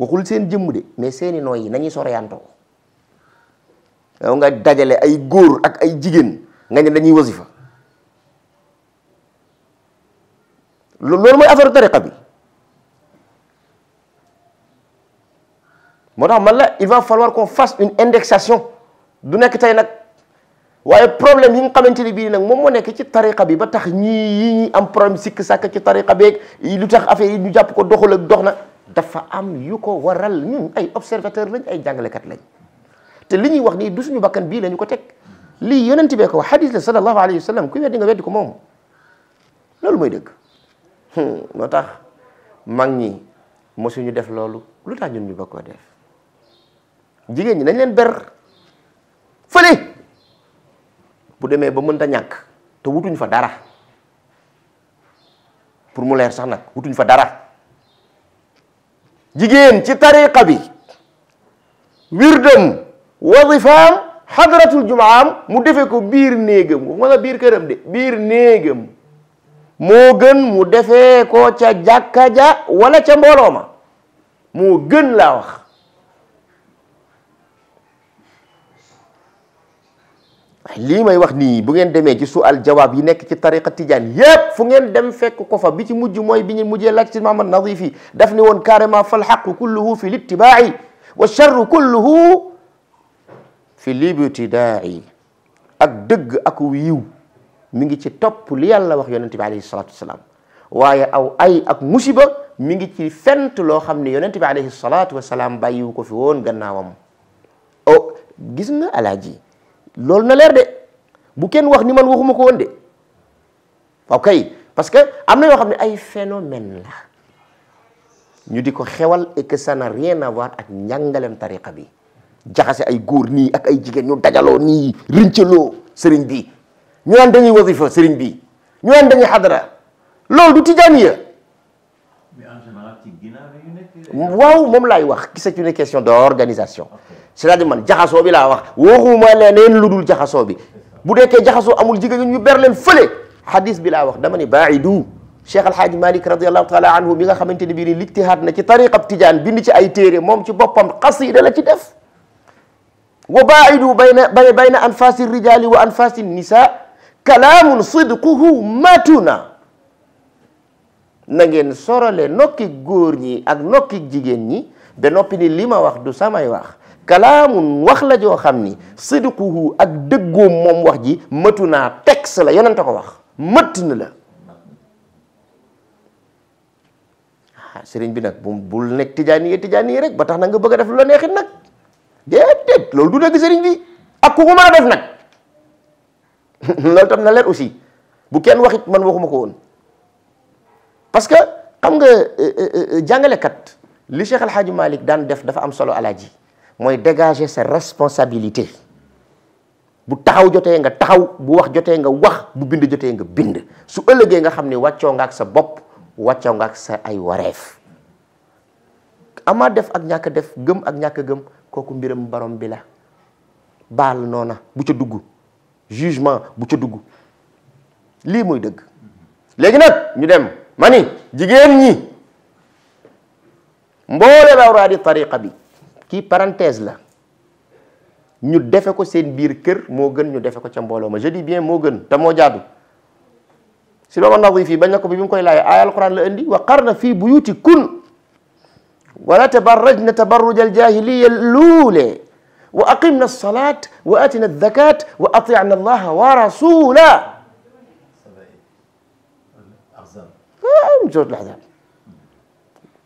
[SPEAKER 1] waxul seen jëmm de mais seeni nooy yi nañuy soreyantoo yow nga dajale ay góor ak ay jigéen nga ne dañuy wasifa loolu mooy affaire tariqa bi moo il va falloir qu'on fasse une indexation du nekk tey nag waaye problème yi nga xamante ni bii nag moom moo nekk ci tariqa bi ba tax ñii yi ñuy am problème sikk sàkk ci tariqa beeg lu tax affaire yi ñu jàpp ko doxul ak dox na dafa am yu ko waral ñun ay observateur lañ ay jàngalekat lañ te li ñuy wax nii du suñu bakkan bii la ñu ko teg lii yonent bee ko wax hadis la sallallahu alayhi wa sallam ku weddi nga weddi ko moom loolu mooy dëgg hmm, moo tax mag ñi mosuñu def loolu lu tax ñun ñu bëgg koo def jigéen ñi nañ leen ber fële bu demee ba mun ta ñàkk te wutuñ fa dara pour mu leer sax nag wutuñ fa dara jigéen ci tariqa bi wirdam wazifaam xadratul jumaam mu defe ko biir néegam biir këram de biir néegam moo gën mu defee ko ca jàkka ja wala ca mbooloo ma moo gën laa wax lii may wax ni bu ngeen deme ci su jawab yi nek ci tariqa tidiane yeb fu ngeen dem fek ko fa bi ci mujj moy bi ñu mujjee laaj si Mahamad Nadifi daf ni won carrément fal haqq kulluhu fi littibaai wa charru kulluhu fi libtida'i ak deug ak wiw mi ngi ci top li yàlla wax yonnati bi alayhi salatu wassalam waye aw ay ak musiba mi ngi ci fent lo xamni yonnati bi alayhi salatu wassalam bayiwuko fi won gannaawam o gis nga alaji lol na leer de bu kenn wax ni man waxuma ko won de okay parce que amna yo xamni ne ay phénomène la ñu diko ko xewal et que ça n'a rien à voir ak ñangalem tariqa bi jaxase ay goor ni ak ay jigen ñu dajalo ni rëncaloo serigne bi ñu naan dañuy wazifa serigne bi ñu naan dañuy hadra lol du tijaaniya waaw mom lay wax une question d'organisation c'est-à-dire man jaxasoo bi laa wax waxuma leneen lu dul jaxasoo bi bu dekkee jaxasoo amul jigéen ñu ber leen fële hadis bi laa wax dama ne baidu cheikh alhaaji malik radiallahu taala anhu mi nga xamante ne bii ni lijtihaad na ci tariqab tijaan bind ci ay tere moom ci boppam xasida la ci def wa baidu ba bay bayna anfasi rijali wa anfasi nisa kalaamun sidquhu matuna na ngeen sorale nokki góor ñi ak nokki jigéen ñi ba noppi ni li ma wax du samay wax kalamun wax la jo xamni sidquhu ak deggo mom wax ji matuna naa texte la yonente ko wax matna na la ah, serigne bi nak bu bul nekk tijaani yi tijaani rek ba tax na nga bëgg def lu la neexit nag déedéet loolu du deug serigne bi ak ku ko def nak lol tam na leer aussi bu kenn waxit man waxuma ko won parce que xam nga euh, euh, euh, kat li Cheikh hadji malik dan def dafa am solo alaji. mooy dégager sa responsabilité bu taxaw jotee nga taxaw bu wax jotee nga wax bu bind jotee nga bind su ëllëgee nga xam ne wàccoo nga ak sa bopp wàccoo nga ak sa ay wareef ama def ak ñàkk def gëm ak ñàkk gëm kooku mbiram barom bi la baal noona bu ca dugg jugement bu ca dugg lii mooy dëgg léegi nag ñu dem ma ni jigéen ñi mboole rawraadi tariqa bi kii parenthèse la ñu defe ko seen biir kër moo gën ñu defe ko ca mbooloo ma je dis bien moo gën te moo jaadu si looma nadif yi bañ na ko bi mu koy laay aaya alquran la indi wa qarna fii buyuti kun wala tabarrajna tabarruja aljahilia luulee wa aqimna alsalat wa atina alzakat wa atina allaha wa rasula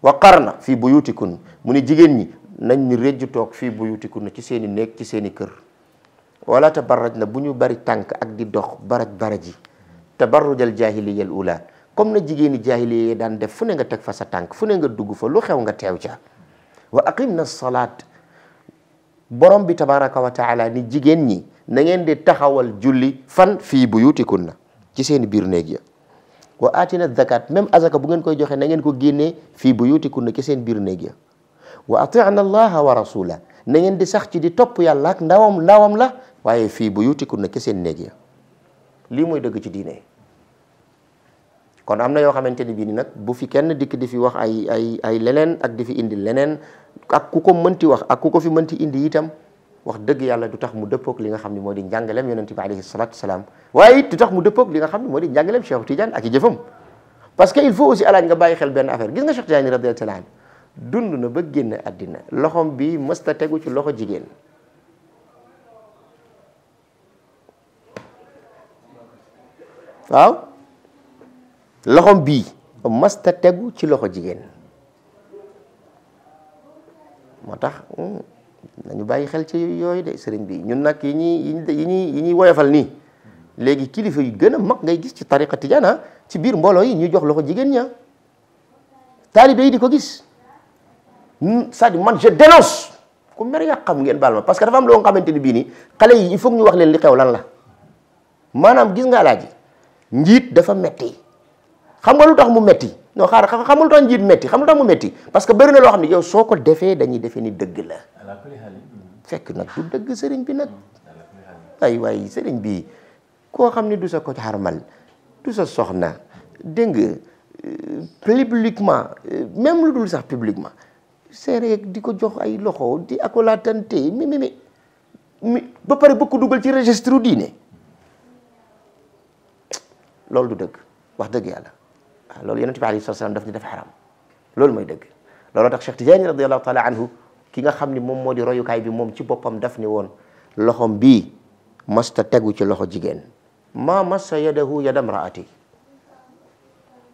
[SPEAKER 1] wa qarna fii buyuti kun mu nañ rëjju toog fii buyutiku na ci seeni nek ci seeni kër wala tabarraj na bu ñu bari tank ak di dox baraj baraji tabarrujal jahiliyal ula comme na jigeeni jahiliya daan def fune nga tek fa sa tank fune nga dugg fa lu xew nga tew ja wa aqimna na borom bi tabaraka wa taala ni jigéen ñi na ngeen di taxawal julli fan fii na ci seeni bir neeg ya wa atina zakat même azaka bu ngeen koy joxe na ngeen ko génnee fii buyutiku na ci seen bir neeg ya wa atina allaha wa rasula na ngeen di sax ci di topp yàlla ak ndawam ndawam la waaye fii bu ku na ke seen néeg ya lii mooy dëgg ci diine kon am na yoo xamante ni bii ni nag bu fi kenn dikk di fi wax ay ay ay leneen ak di fi indi leneen ak ku ko mënti wax ak ku ko fi mënti indi itam wax dëgg yàlla du tax mu dëppoog li nga xam ne moo di njàngaleem yonente bi alayhi salatu waaye it du tax mu dëppoog li nga xam ne moo di njàngaleem Cheikh Tidiane ak i jëfam parce que il faut aussi alaaj nga bàyyi xel benn affaire gis nga Cheikh Tidiane dund na ba génn adina loxom bi mësta tegu ci loxo jigen waaw loxom bi mësta tegu ci loxo jigen motax hmm, nañu bayyi xel ci yoy de sëriñ bi ñun nak yi ñi yi ñi yi ñuy woyofal ni léegi kilifa yu gëna mag ngay gis ci tariqa tijana ah, ci bir mbolo yi ñu jox loxo jigen ña ah. di ko gis Sadio hmm, man je dénonce ko mer ya xam ngeen balma parce que dafa am xamanteni bi ni xalé yi il faut ñu wax leen li xew lan la manam gis nga laaji njit dafa metti xam nga lu tax mu metti no xaar xam nga lu tax metti xam lu tax mu metti parce que bëri na loo xam yow soko ko dañuy defee ni deug la fekk nak du deug serigne bi nak ay way serigne bi ko xamni du sa ko xarmal du sa soxna dégg euh, publiquement euh, même lu dul sax publiquement seere di ko jox ay loxo di akolaatante mi mi mi ba pare bëgg ko dugal ci registre diine loolu du dëgg wax dëgg yàlla waaw ah, loolu yonent bi alayhi salaam daf ni dafa xaram loolu mooy dëgg looloo tax Cheikh Tidiane radiyallahu taala anhu ki nga xam ni moom moo di royukaay bi moom ci boppam daf ni woon loxom bii masta tegu ci loxo jigéen ma massa yadahu yadam raati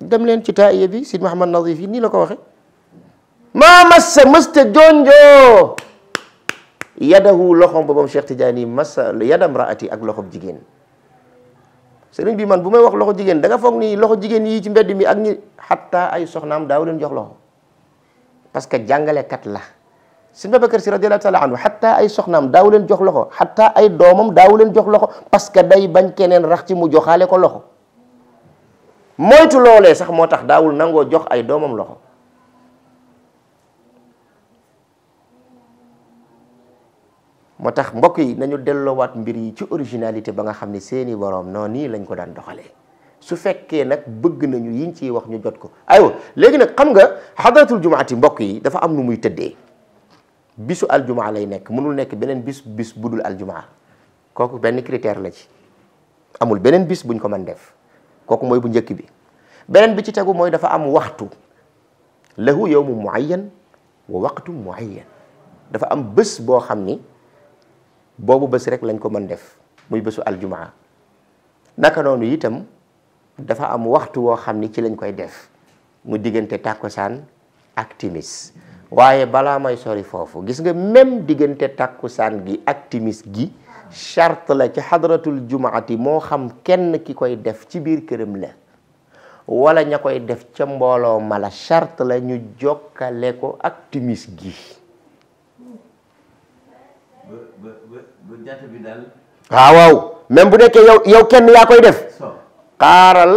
[SPEAKER 1] dem leen ci taa'iya bi Sidi Mahamad Nadif yi nii la ko waxe maa massa mësta jonjoo yadahu loxom ba moom Cheikh Tidiane massa yadam raati ak loxom jigéen sëriñ bi man bu may wax loxo jigéen da nga foog ni loxo jigéen yi ci mbedd mi ak ñi xatta ay soxnaam daaw leen jox loxo parce que jàngalekat la Sëriñ Babacar Si radiyallahu taala anhu xatta ay soxnaam daaw leen jox loxo xatta ay doomam daaw leen jox loxo parce que day bañ keneen rax ci mu joxaale ko loxo moytu loolee sax moo tax daawul nangoo jox ay doomam loxo moo tax mbokk yi nañu delloowaat mbir yi ci originalité ba nga xam ni seeni boroom noonu nii lañ ko daan doxalee su fekkee nag bëgg nañu yiñ ciy wax ñu jot ko aywa léegi nag xam nga xadaratul jumaati mbokk yi dafa am nu muy tëddee bisu aljumaa lay nekk mënul nekk beneen bis bis budul aljumaa kooku benn critère la ci amul beneen bis buñ ko mën def kooku mooy bu njëkk bi beneen bi ci tegu mooy dafa am waxtu lahu yawmu muayyan wa waqtu muayyan dafa am bës boo xam ni boobu bés rek lañ ko mën def muy bésu aljumaa naka noonu itam dafa am waxtu woo xam ni ci lañ koy def mu diggante tàkkusaan ak timis waaye balaa may sori foofu gis nga même diggante takku saan gi ak timis gi charte la ci xadratul jumaati moo xam kenn ki koy def ci biir këram la wala ña koy def ca mbooloo mala charte la ñu jokkale ko ak timis gi waaw waaw même yau yau yow yow kenn yaa koy def xaaral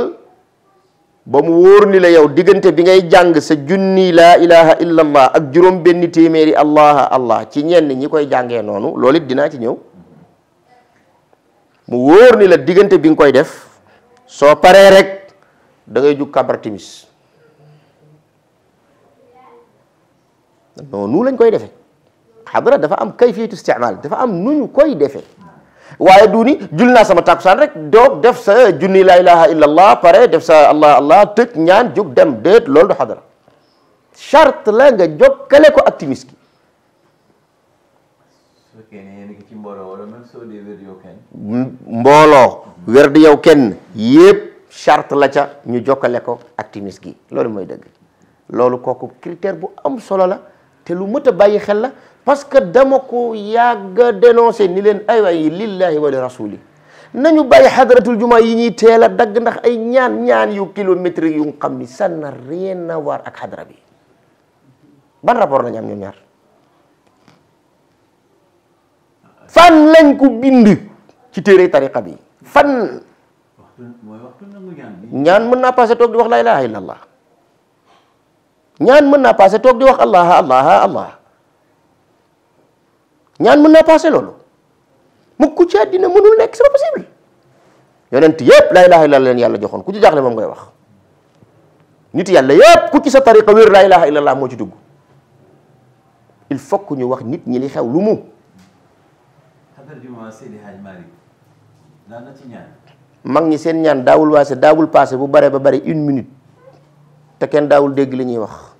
[SPEAKER 1] ba mu wóor ni la yow bi ngay sa ilaha illallah allah ak juróom benn allah allah ci ñenn ñi koy jàngee nonu. lolit dina dinaa ci ñëw mu wóor ni la diggante bi nga def soo paree rek kabar timis Nonu lañ koy idef. xadara dafa am kayfiyatu istimaal dafa am nu ñu koy defe waaye duuni jul naa sama tàkkusaan rek doog def sa junni la ilaha illa allah pare def sa allah allah tëj ñaan jóg dem déet loolu du xadara charte la nga jokkale ko activiste ki mbooloo werdu yow kenn yépp charte la ca ñu jokkale ko activiste gi loolu mooy dëgg loolu kooku critère bu am solo la te lu mët a bàyyi xel la parce que dama ko yàgga dénoncé ni len ay way lillahi wa li rasuli nañu bàyyi Hadratul juma yi ñi téla dag ndax ay ñaan ñaan yu kilomètre yu xamni san n'a rien à voir ak hadra bi ban rapport la ñam ñu ñaar fan lañ ko bind ci téré tariqa bi fan ñaan mën na passé tok di wax la ilaha illallah ñaan mën na passé tok di wax allah allah allah ñaan mëna naa passé loolu mukk ci adina mënul nek c'est possible yonent yépp la ilaha illallah len yalla joxone ku ci jaxlé mom ngoy wax nit yalla yépp ku ci sa tariqa wir la ilaha illallah mo ci dugg il faut ku ñu wax nit ñi li xew lu mu hadar mari la na ci ñaan mag ñi seen ñaan dawul wasé dawul passé bu bare ba bare 1 minute te ken dawul dégg li ñi wax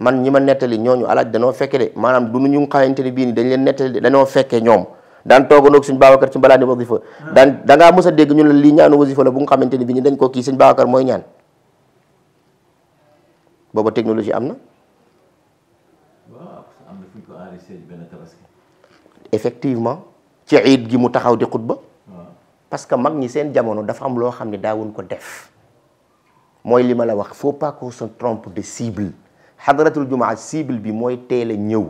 [SPEAKER 1] man ñi ma nettali ñooñu alaaj danoo fekke de maanaam du ñu ngi xamante ni bii ni dañ leen nettali dañoo fekke ñoom daan tooganoog suñ Babacar ci mbalaa ni wasifa ah. daan dangaa mos a dégg ñu la lii ñaanu wasifa la bu nga xamante ni bi ko kii suñ Babacar mooy ñaan booba technologie am na effectivement ci iid gi mu taxaw di xutba parce que mag ñi seen jamono dafa am loo xam ne daawuñ ko def mooy li ma la wax faut pas qu'on se de cible xadaratul jumaa cible bi mooy teel a ñëw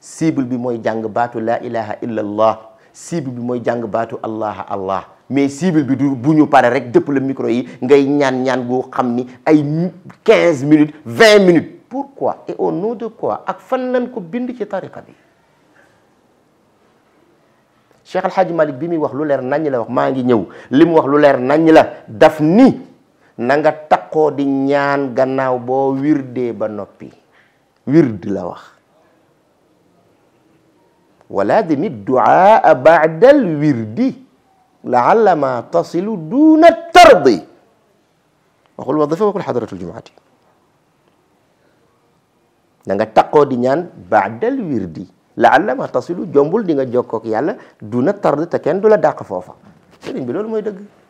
[SPEAKER 1] cible bi mooy jàng baatu laa ilaha illa allah cible bi mooy jàng baatu allah allah mais cible bi du bu ñu pare rek dëpp la micro yi ngay ñaan ñaan boo xam ni ay 15 minutes 20 minutes pourquoi et au nom de quoi ak fan lañ ko bind ci tariqa bi Cheikh Alhaaji Malick bi muy wax lu leer naññ la wax maa ngi ñëw li mu wax lu leer naññ la daf ni nanga nga takkoo di ñaan gannaaw boo wirdee ba noppi wirdi la wax wala demi duaa baadal wirdi laala ma tasilu duna tardi waxul wadifa waxul xadratul jumaati na nga di ñaan baadal wirdi laala ma tasilu jombul di nga jokkook yàlla duna tardi te kenn du la dàq foofa sëriñ bi mooy dëgg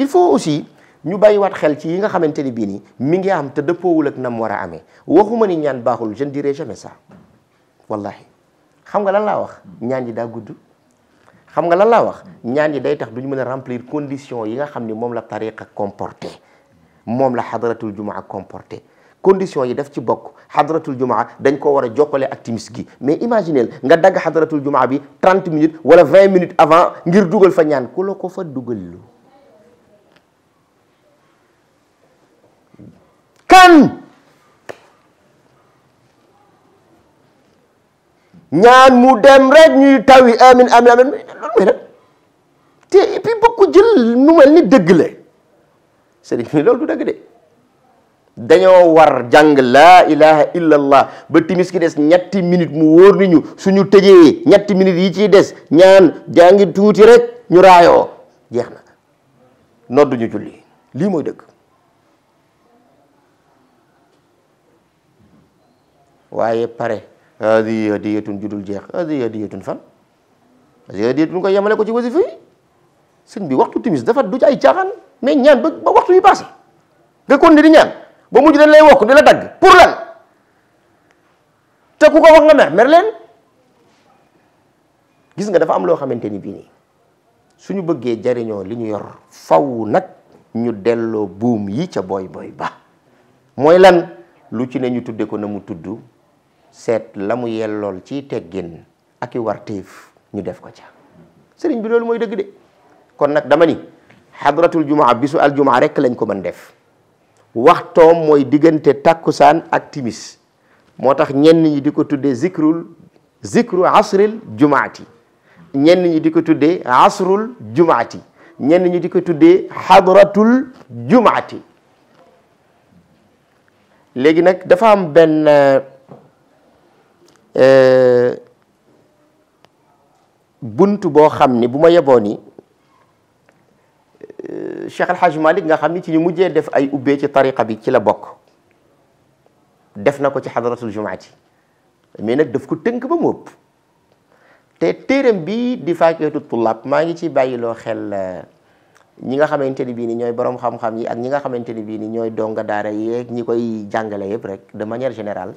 [SPEAKER 1] il faut aussi ñu bàyyiwaat xel ci yi nga xamante ni bii nii mi ngi am te dëppoowul ak mu war a amee waxuma ni ñaan baaxul je ne dirai jamais ça wallahi xam nga lan laa wax ñaan yi daa gudd xam nga lan laa wax ñaan yi day tax duñu mën a remplir condition yi nga xam ni moom la tariqa comporté moom la xadaratul jumaa comporté condition yi daf ci bokk xadaratul jumaa dañ ko war a jokkale ak timis gi mais imaginez nga dagg xadaratul jumaa bi 30 minutes wala vingt minutes avant ngir dugal fa ñaan ku la ko fa dugal kan ñaan mu dem rek ñuy tawi amin amin amin loolu mooy lan te et puis jël nu mel ni dëgg la sëriñ bi war jàng laa ilaha illa ba timis ki des ñetti minute mu wóor ni ñu suñu tëjee ñetti minute yi ciy des ñaan jàngi tuuti rek ñu raayoo noddu ñu julli lii mooy dëgg waye pare hadi hadiyatun judul jeex hadi hadiyatun fan hadi que hadiyatun ko yamale ko ci wasifa yi bi waxtu timis dafa du ci ay tiaxan mais ñaan ba waxtu yi passé nga kon di ñaan ba mujj dañ lay wokk dila dag pour lan te ku ko wax nga mer mer leen gis nga dafa am xamanteni bi ni suñu bëggee li ñu yor faw nak ñu dello boom yi ca boy boy ba moy lan lu ci ne ñu ko na mu tuddu seet lamu mu yellool ci teggin ak i warteef ñu def ko ca sëriñ bi loolu mooy dëgg de kon nag dama ni xadratul jumaa bisu aljumaa rekk lañ ko mën def waxtoom mooy diggante takkusaan ak timis moo tax ñenn ñi di ko tuddee zikrul zikru asril jumaati ñenn ñi di ko tuddee asrul jumaati ñenn ñi di ko tuddee xadratul jumaati léegi nag dafa am benn Euh, bunt boo xam ni bu ma yeboo ni euh, Cheikh El Hadj nga xam ni ci ñu mujjee def ay ubbee ci tariqa bi ci la bokk def na ko ci xadaratul jumaati mais nag daf ko tënk ba mu ëpp te téeram bi di faakeetu tullaab maa ngi ci bàyyiloo xel euh, ñi nga xamante ni bii ni ñooy borom xam-xam yi ak ñi nga xamante ni bii ni ñooy donga daara yeeg ñi koy jàngale yëpp rek de manière générale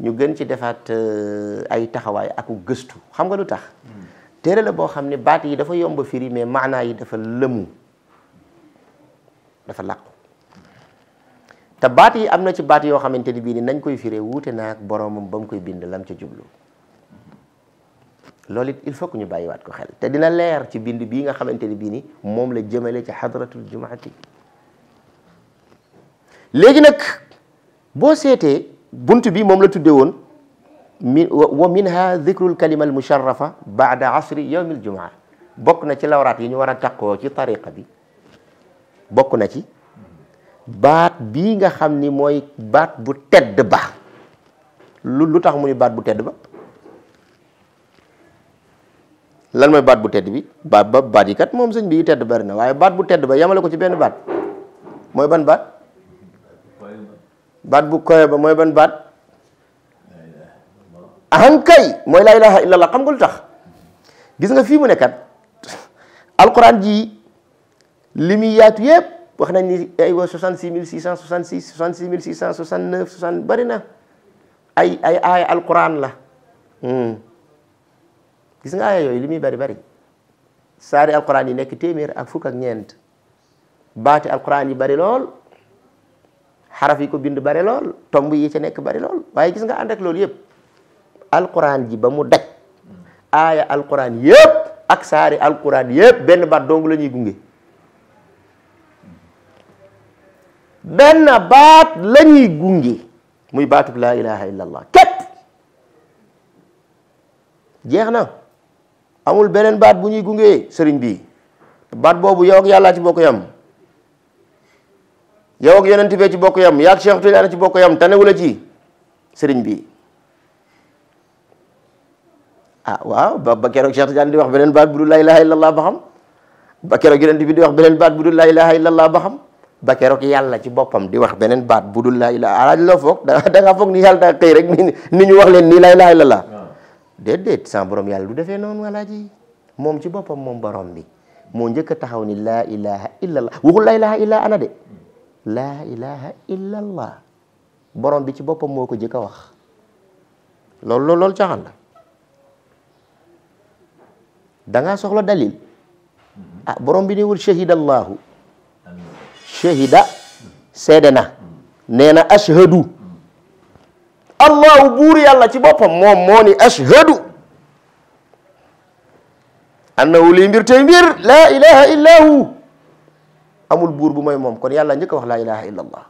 [SPEAKER 1] ñu gën ci defaat euh, ay taxawaay ak gëstu xam nga lu tax téere la boo xam ne baat yi dafa yomb firi mais maanaa yi dafa lëmu dafa làqu te baat yi am na ci baat yoo xamante ni bii nañ koy firee wuute naa ak bam koy bind lam ca jublu loolu il faut que ñu bàyyiwaat ko xel te dina leer ci bind bii nga xamante ni bii ni moom la jëmale ci xadratul jumaati léegi nag boo seetee bunt bi moom la tuddee woon mi wa minha dhikrul kalima al musharrafa baada asri yawm al bokk na ci lawraat yi ñu war a taqoo ci tariqa bi bokk na ci baat bi nga xam ni mooy baat bu tedd ba lu lu tax mu ni baat bu tedd ba lan mooy baat bu tedd bi baat ba baat yi kat moom sëñ bi yu tedd bari na waaye baat bu tedd ba yamale ko ci benn baat mooy ban baat baat bu koy ba mooy ban baat aham kay mooy laa ilaha illallah xam nga lu tax gis nga fii mu ne kat alquran jii li muy yaatu yëpp wax nañ ni ay wa 66666 66669 60 bari na ay ay aaya alquran la hmm. gis nga aaya yooyu li muy bari bari saari alquran yi nekk téeméer ak fukk ak ñeent baati alquran yi bari lool Harafiku yi ko bind bare lol tomb yi ci nek bare lol waye gis nga ànd ak Al yëpp alquran ji ba mu daj aya alquran yeb ak saari alquran yeb ben bat dong lañuy gungé gunge bat lañuy gungé muy baatub la ilaha illallah kep jeexna amul benen bat buñuy gungé gunge bi bat bobu yow ak yalla ci bokk yam yow ak yonent bee ci bokk yam yaa Cheikh Tidiane ci bokk yam tane wala ci bi ah waaw ba ba Cheikh Tidiane di wax benen baat bu la ilaha illallah ba xam ba keroog yonent bi di wax benen baat budul la ilaha illallah ba xam ba keroog yàlla ci bopam di wax benen baat bu la ilaha ala ah, lo fok da nga fok ni yalla da xey rek ni ñu wax len ni la ilaha illallah ah. déedéet sans borom yalla du defé non wala ji mom ci bopam mom borom bi mo ñëk taxaw ni la ilaha illallah waxul la ilaha illa ana de laa ilaha illa borom bi ci boppam moo ko jëkk wax loolu loolu loolu caaxaan la dangaa soxla dalil ah borom bi newul shahida allahu shahida seede na nee na ashhadu allahu buur yàlla ci boppam moom moo ni ashhadu annahu li mbir tey mbir laa ilaha amul buur bu mooy moom kon yàlla njëkk a wax laa ilaha illa allah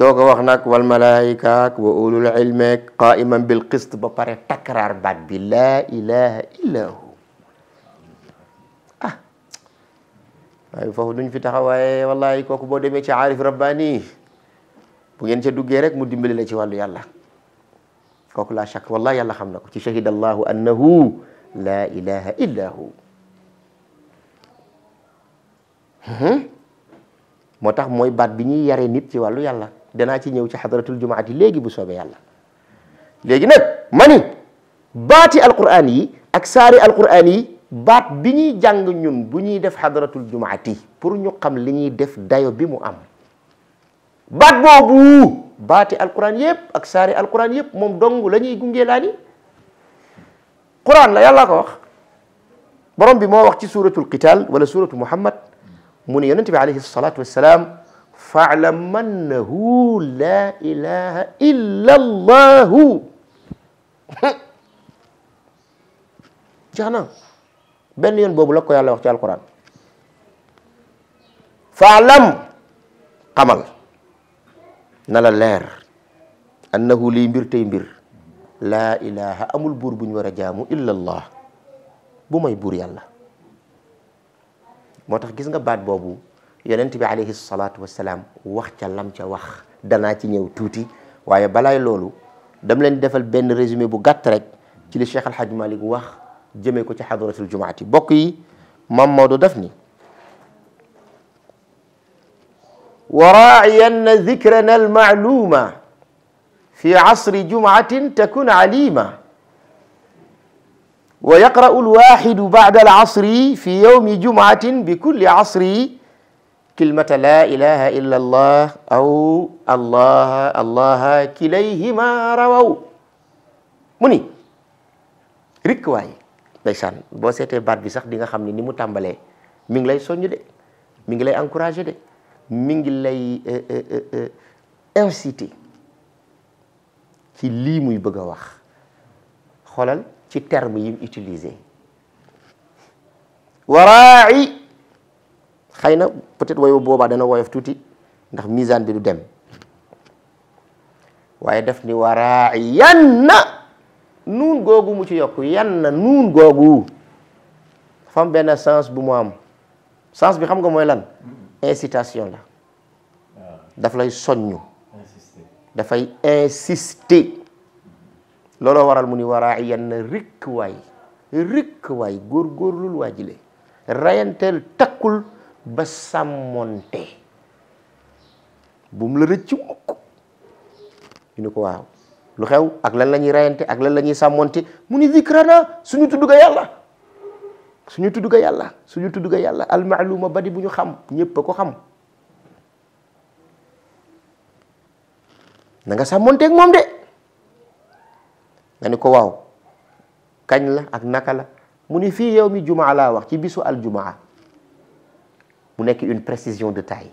[SPEAKER 1] doo ko wax nag wal malaayikaak wa ulul ilmeek qaiman bil ba pare takraar baat hu ah waaye foofu duñ fi taxaw waaye wallahi kooku boo demee ci aarif rabbaani bu ngeen ca duggee rek mu dimbali la ci wàllu yàlla kooku laa shakk wallahi yàlla xam na ko ci shahida allahu annahu laa ilaha illa hu moo tax bat baat bi ñuy yare nit ci walu yalla dana ci ñew ci jumaati legi bu soobee yalla legi nak mani bati alquran yi ak sari alquran yi bat bi jang jàng ñun bu def hadratul jumaati pour ñu xam li def dayo bi mu am bat bobu bati alquran yeb ak sari alquran yeb mom dong lañuy gungé lani quran la yalla ko wax borom bi mo wax ci suratul qital wala suratul muhammad مني ننتبه عليه الصلاة والسلام فاعلم أنه لا إله إلا الله جانا بن ين بوب لكو يالله وقت القرآن فاعلم قمل نلا لير أنه لي مبير تي مبير لا إله أمو البور بن ورجامو إلا الله بوما يبور يالله motax gis nga baat bobu yonent bi alayhi salatu wassalam wax ca lam ca wax dana ci ñëw tuti waye balay lolu dam leen defal ben résumé bu gàtt rek ci li Cheikh Alhaj malik wax jeme ko ci hadratul jumaati bokk yi mam Maodo def ni waraaciyanna dikrana almaaluuma fi casri jumcatin takun calima ويقرأ الواحد بعد العصر في يوم جمعة بكل عصر كلمة لا إله إلا الله أو الله الله كليهما رووا مني ركواي ديسان بو سيتي بار بي صاح ديغا خامني ني مو تامبالي ميغ لاي سونجو دي ميغ لاي انكوراجي دي ميغ لاي انسيتي كي لي موي بغا واخ خولال ci terme utilisé Warai, xëy peut-être que vous dana touti ndax vous bi dem waye daf ni wara'iyan yan na mu ci yok yan na sens bu mo am sens bi xam nga moy lan mm-hmm. incitation la ah. daf lay insister looloo waral mu ni waraa yan na rikk waay rikk waay góorgóorlul waa jile rayanteel takkul ba sàmmonte bumu la rëcc mukk ko waaw lu xew ak lan la ñuy rayante ak lan la ñuy sàmmonte mu ni zikrana suñu tudd ga yàlla suñu tudd ga yàlla suñu tudd ga yàlla almaaluma badi bu ñu xam ñépp a ko xam na nga moom de nga ni ko waaw kañ la ak naka la mu ni fii yow mi jumaa laa wax ci bisu aljumaa mu nekk une précision de taille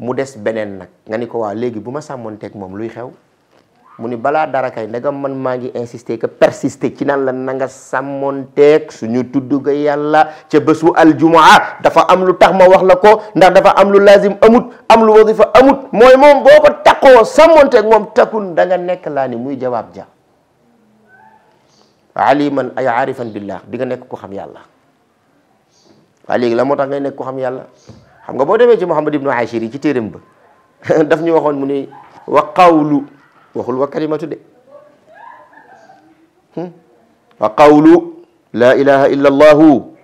[SPEAKER 1] mu des beneen nag nga ni ko waaw léegi bu ma sàmmoon teg moom luy xew muni bala dara kay ndegam man maa insister que persister ci nan la na nga suñu tuddu ga yalla ci besu aljumaa dafa am lu tax ma wax la ndax dafa am lu lazim amut am lu wasifa amut moy mom boko takko samonté ak mom takun da nga nek laa ni muy jawab ja aliman ay arifan billah di nga nek ko xam yalla wa léegi la motax Hamga ngay nekk xam yalla xam nga bo démé ci muhammad ibnu ashiri ci téréem ba daf ñu waxon muni wa qawlu waxul wa kalimatu de hmm? wa qawlu laa ilaha illa allahu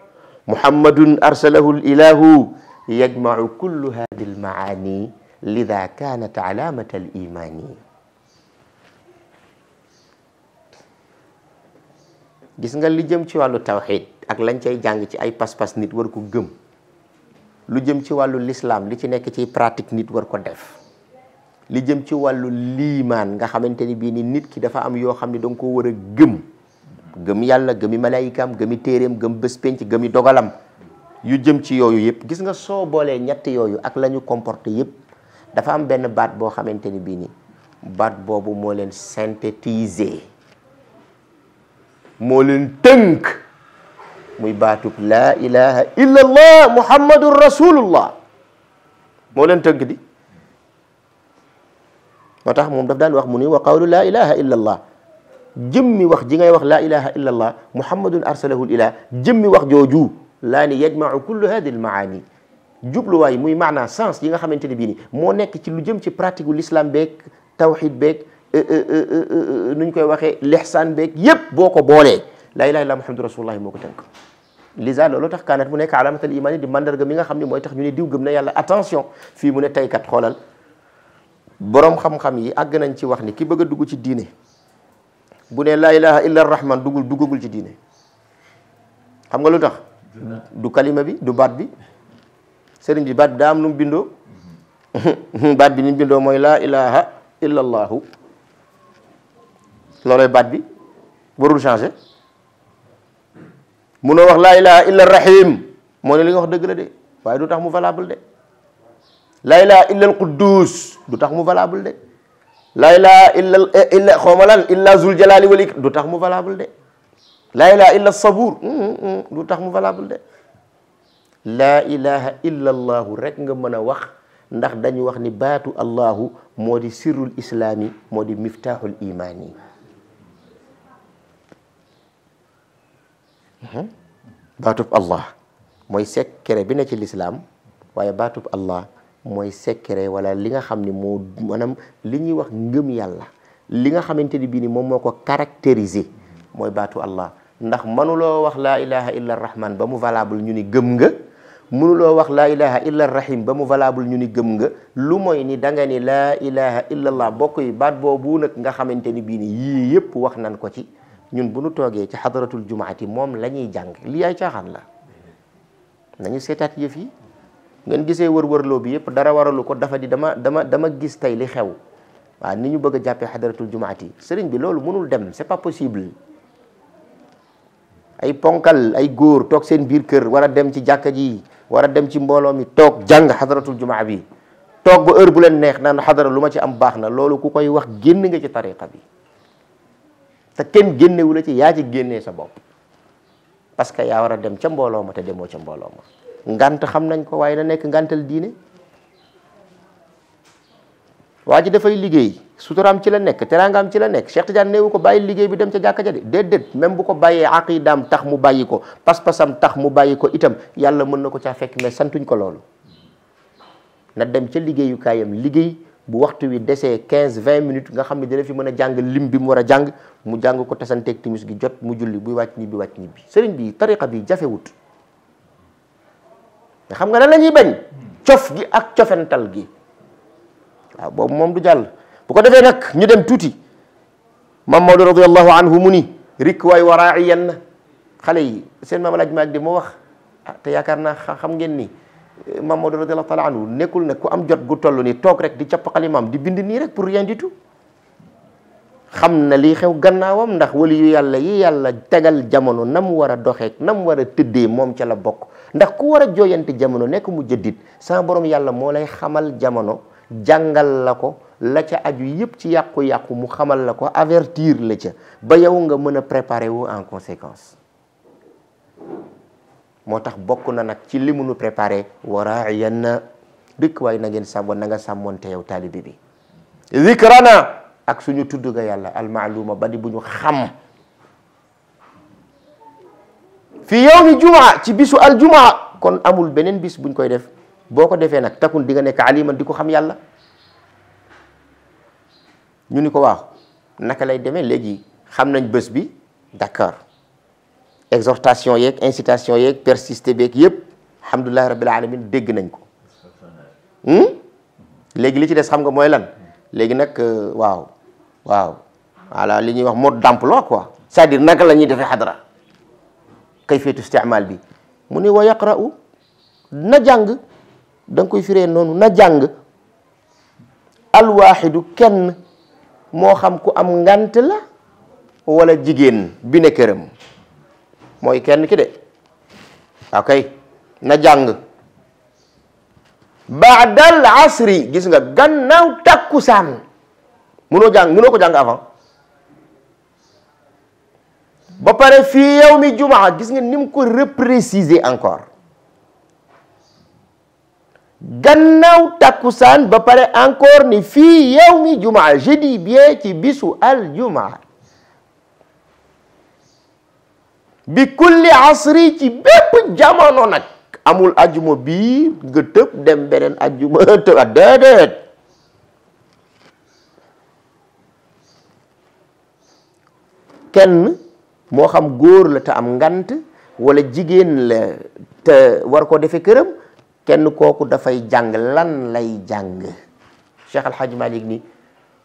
[SPEAKER 1] muhammadun arsalahu lilahu yajmacu kullu hadi almaani lida kanat alaamata alimaani gis nga li jëm ci wàllu tawxid ak lañ cay jàng ci ay pas-pas nit war jëm ci wàllu lislaam li ci nekk ci pratique nit war ko def li jëm ci wàllu liimaan nga xamante ni bii ni nit ki dafa am yoo xam ne danga ko war a gëm gëm yàlla gëmi malaayikaam gëmi téeréem gëm bës penc gëmi dogalam yu jëm ci yooyu yëpp gis nga soo boolee ñetti yooyu ak lañu comporte yëpp dafa am benn baat boo xamante ni bii ni baat boobu moo leen synthétiser moo leen tënk muy baatub laa ilaha illa allah muhammadun rasulullah moo leen tënk di motax mom daf daan wax muni wa qawlu la ilaha illa allah jëmmi wax ji ngay wax la ilaha illa allah muhammadun arsalahu l ilah jëmmi wax joju la ni yajmau kullu hadhihi l maani way muy maanaa sens yi nga xamanteni bi ni mo nek ci lu jëm ci pratique l'islam bek tawhid bek nuñ koy waxe l'ihsan bek yeb boko bolé la ilaha illa muhammadur rasulullah moko tank liza lisa tax kanat mu nek alamatul iman di mandarga mi nga xamni moy tax ñu ne diw gëm na yàlla attention fi mu ne tay kat xolal boroom xam-xam yi àgg nañ ci wax ni ki bëgg a dugg ci diine bu ne laa ilaha illa rahman duggul duggagul ci diine xam nga lu tax du kalima bi du baat bi sëriñ bi baat bi daa am nu mu bindoo baat bi ni mu bindoo mooy laa ilaha illa baat bi warul changé munoo wax laa ilaha rahim moo ne li nga wax dëgg la de waaye du tax mu valable de la ilaha illa al quddus du tax mu valable de la ilaha illa illa xawma lan illa zul jalali wal ikram du tax mu valable de la ilaha illa sabuur du tax mu valable de la ilaha illa allahu rek nga mën a wax ndax dañu wax ni baatu allahu moo di sirrul islaami moo di miftaaxul imaan yi baatub allah mooy secret bi ne ci lislaam waaye baatub allah mooy secret wala li nga xam ni moo maanaam li ñuy wax ngëm yàlla li nga xamante ni bii ni moom moo ko caractériser mooy baatu allah ndax mënuloo wax laa ilaha illa rahman ba mu valable ñu ni gëm nga mënuloo wax laa ilaha illa rahim ba mu valable ñu ni gëm nga lu mooy ni da nga ni laa illa allah bokk baat boobu nag nga xamante ni bii ni yii yëpp wax nan ko ci ñun bu nu toogee ci xadaratul jumaati moom la ñuy jàng li ay la nañu seetaat yëf ngeen gisee wër lo bi yépp dara waralu ko dafa di dama dama dama gis tay li xew wa ni ñu bëgg jappé hadratul jumaati sëriñ bi loolu mënul dem c'est pas possible ay ponkal ay gur, toksin seen biir kër wara dem ci jakka ji wara dem ci mbolo mi tok jang hadratul jumaa bi tok bu heure bu len neex nan hadra luma ma ci am baxna loolu ku koy wax genn nga ci tariqa bi te ken génnewu la ci ya ci genné sa bop parce que ya wara dem ci mbolo ma te demo ci mbolo ma ngant xam nañ ko waaye na nekk ngantal diine waa ji dafay liggéey suturaam ci la nekk teraangaam ci la nekk Cheikh Tidiane néewu ko bàyyi liggéey bi dem ca jàkka ja de même bu ko bàyyee aqidaam tax mu bàyyi ko pas-pasam tax mu bàyyi itam yàlla mën na ko caa fekk mais santuñ ko loolu na dem ca liggéeyukaayam liggéey bu waxtu wi desee quinze vingt minutes nga xam ne dina fi mën a jàng lim bi mu war a jàng mu jàng ko tasanteeg timis gi jot mu julli buy wàcc ñibbi wàcc ñibbi sëriñ bi tariqa bi jafewut mais xam nga lan lañuy bañ cof gi ak ciofental gi waaw bo mom du jall bu ko defé nak ñu dem tuti mam Maodo anhu muni rik way wara'iyan na yi seen maam di mo wax ah, te yaakaar xam ngeen ni eh, mam Maodo taala anhu nekul nak ku am jot gu tollu ni tok rek di capp mam di bind ni rek pour rien du tout xam na li xew gannaawam ndax wali yu yi yalla tegal jamono nam wara doxek nam wara tedde mom ci la bokk ndax ku wara joyante jamono nek mu jëddit sama borom yalla mo lay xamal jamono jangal lako la ca aju yep ci yakku yakku mu xamal lako avertir la ca ba yow nga meuna préparer wu en conséquence motax bokku na nak ci limu nu préparer wara yanna dik way na ngeen sambo na nga samonté yow talibi bi zikrana ak suñu tuddu ga yalla al ma'luma badi buñu xam fi yawmi jumaa ci bisu jumaa kon amul benen bis buñ koy def boko defé nak takun di nga nek aliman diko xam yalla ñu niko wax waaw naka lay démé légui xam nañ bëss bi d'accord exhortation yek incitation yek persister bek yep alhamdullah rabbil alamin deg nañ ko hmm? légui li ci des xam nga moy lan légui nak euh, waaw waaw ala liñuy ñuy wax mode d'emploi quoi c'est-à-dire naka lañuy défé hadra kayfiyat istimal bi muni wa yaqra'u na jang dang koy firé nonu na al wahid ken mo xam ku am ngant la wala jigin bi ne kërëm moy kenn ki dé akay na jang ba'dal asri gis nga gannaaw takusan, muno jang muno ko jang avant ba pare fii yow jumaa gis nga ni mu ko repréciser encore gannaaw takkusaan ba pare encore ni fi yow mi jumaa je dis bien ci bisu aljumaa bi kulli asri ci bépp jamono nag amul ajuma bii nga dem beneen ajuma tëb ah, déedéet kenn moo xam góor la te am ngant wala jigéen la te war ko defee këram kenn kooku dafay jàng lan lay jàng Cheikh Al Hadj ni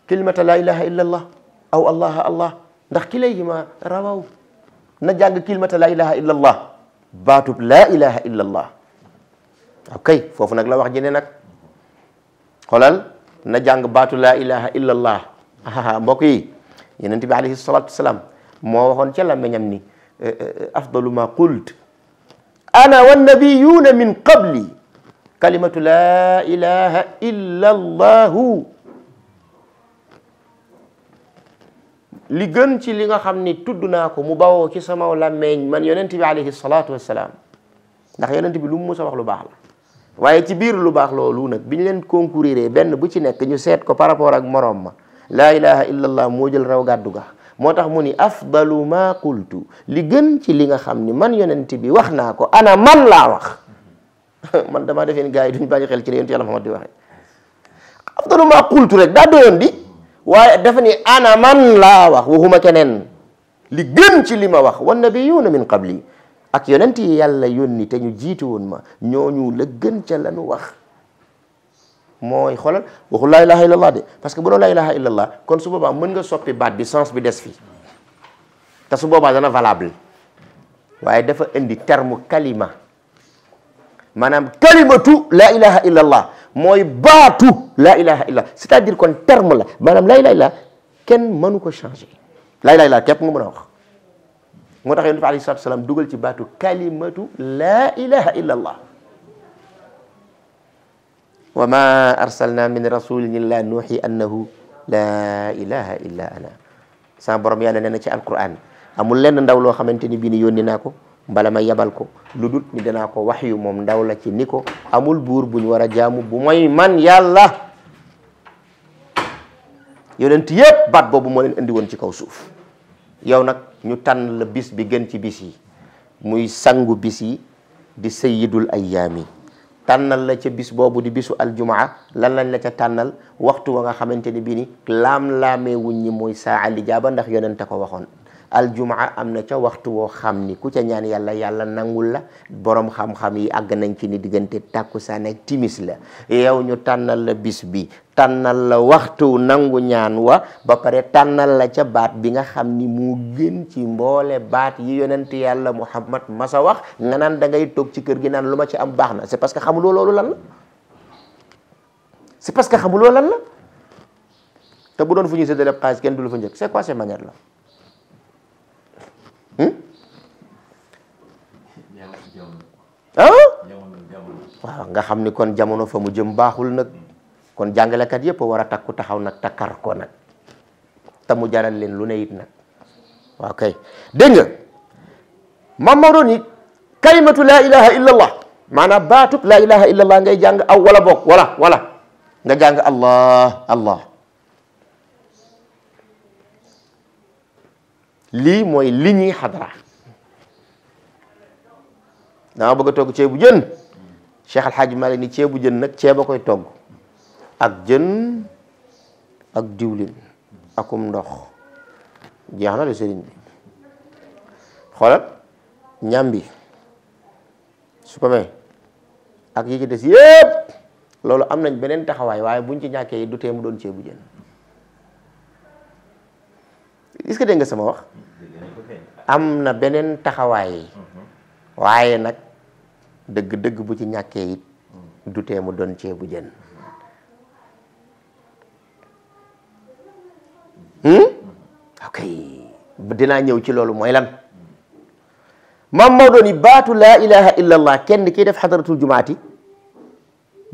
[SPEAKER 1] kalimata laa ilaha illa allah aw allaha allah ndax kilayhima rawaw na jàng kalimata laa ilaha illa allah baatub laa ilaha illa allah ok foofu nag la wax ji ne nag xoolal na jàng baatu laa ilaha illa allah mbokk yi yenent bi alayhi salatu wasalaam moo waxoon ca làmmiñam ni eh, eh, eh, afdalu ma qult ana wannabiyuuna min qabli kalimatu laa ilaha illa allahu li gën ci li nga xam ni tudd naa ko mu bawoo ci sama làmmeeñ man yonent bi alayhi salaatu wassalaam ndax yonent bi lu mu mës a wax lu baax la waaye ci biir lu baax loolu nag bi ñu leen concourir benn bu ci nekk ñu seet ko par rapport ak moroom ma laa ilaha illa allah moo jël raw gàddu ga moo tax mu ni afdalu ma qultu li gën ci li nga xam ni man yonent bi wax naa ko ana man laa wax man dama defee ni gars yi duñ bàyyi xel ci la yonent yàlla Muhammad di waxee afdalu ma qultu rek daa doyoon di waaye dafa ni ana man laa wax waxuma keneen li gën ci li ma wax wa nabiyuuna min qabli ak yonent yi yàlla yónni te ñu jiitu woon ma ñu la gën ca lanu wax moy xolal waxu la ilaha illallah de parce que bu do la ilaha illallah kon su boobaa meun nga soppi bat bi sens bi dess fi ta su boobaa dana valable waye dafa indi terme kalima manam kalimatu la ilaha illallah moy batu la ilaha illallah c'est-à-dire kon terme la manam la ilaha illallah kenn mënu ko changer la ilaha illallah képp nga meuna wax motax yunus yonent bi alayhi salaatu dugal ci batu kalimatu la ilaha illallah wa ma arsalna min rasulin illa nuhi annahu la ilaha illa ana sama borom yàlla nee na ci alquran amul lenn ndaw loo xamante ni ni yónni naa mbala ma yabal ko lu ni danaa ko wax yu ndaw la ci ni amul buur buñ war a bu mooy man yàlla yonent yépp baat boobu moo leen indi woon ci kaw suuf yow nag ñu tànn la bis bi gën ci bis yi muy sangu bis yi di sayyidul tànnal la ca bis boobu di bisu aljumaa lan lañ la ca tànnal waxtu wa nga xamante ni bii ni laam-laamee wuñ ñi mooy saa alijaaba ndax te ko waxoon aljumaa am na ca waxtu woo xam ni ku ca ñaan yàlla yàlla nangul la boroom xam-xam yi àgg nañ ci ni diggante tàkkusaan ak timis la yow tànnal la bis bi tanal la waxtu nangu ñaan wa ba pare tanal la ca baat bi nga xamni ni gën ci mbolé baat yi yonent yalla muhammad massa wax nga nan da ngay tok ci kër gi nan luma ci am baxna c'est parce que xamuloo loolu lan c'est parce que xamuloo lan la te bu doon fuñu kenn du fa c'est quoi ces manières là hmm? ah nga xamni kon jamono fa mu jëm kon jàngalekat kat war wara takku taxaw nak takar ko nak tamu jaral len lu neet nak wa kay dégg nga mam kalimatu la ilaha illallah mana maanaam la ilaha illallah ngay jang aw wala bok wala wala nga jang allah allah li moy liñi hadra xadara bëgg togg ci bu jeun Cheikh Alhaaji Malik ni jeun nak ci ba koy togg ak jeun ak diwlin akum ndox jeexna Nyambi. serigne bi xoolal ñam bi su ko may ak yi ci dess yëpp lolu am nañ benen taxaway waye buñ ci ñaké du té mu doon est-ce que nga sama wax am na beneen bu ci ñaké it du té mu doon bu jeen Hmm? ok dina ñew ci lolu moy lan maam Maodo batu la ilaha illallah kenn ki def hadratul jumaati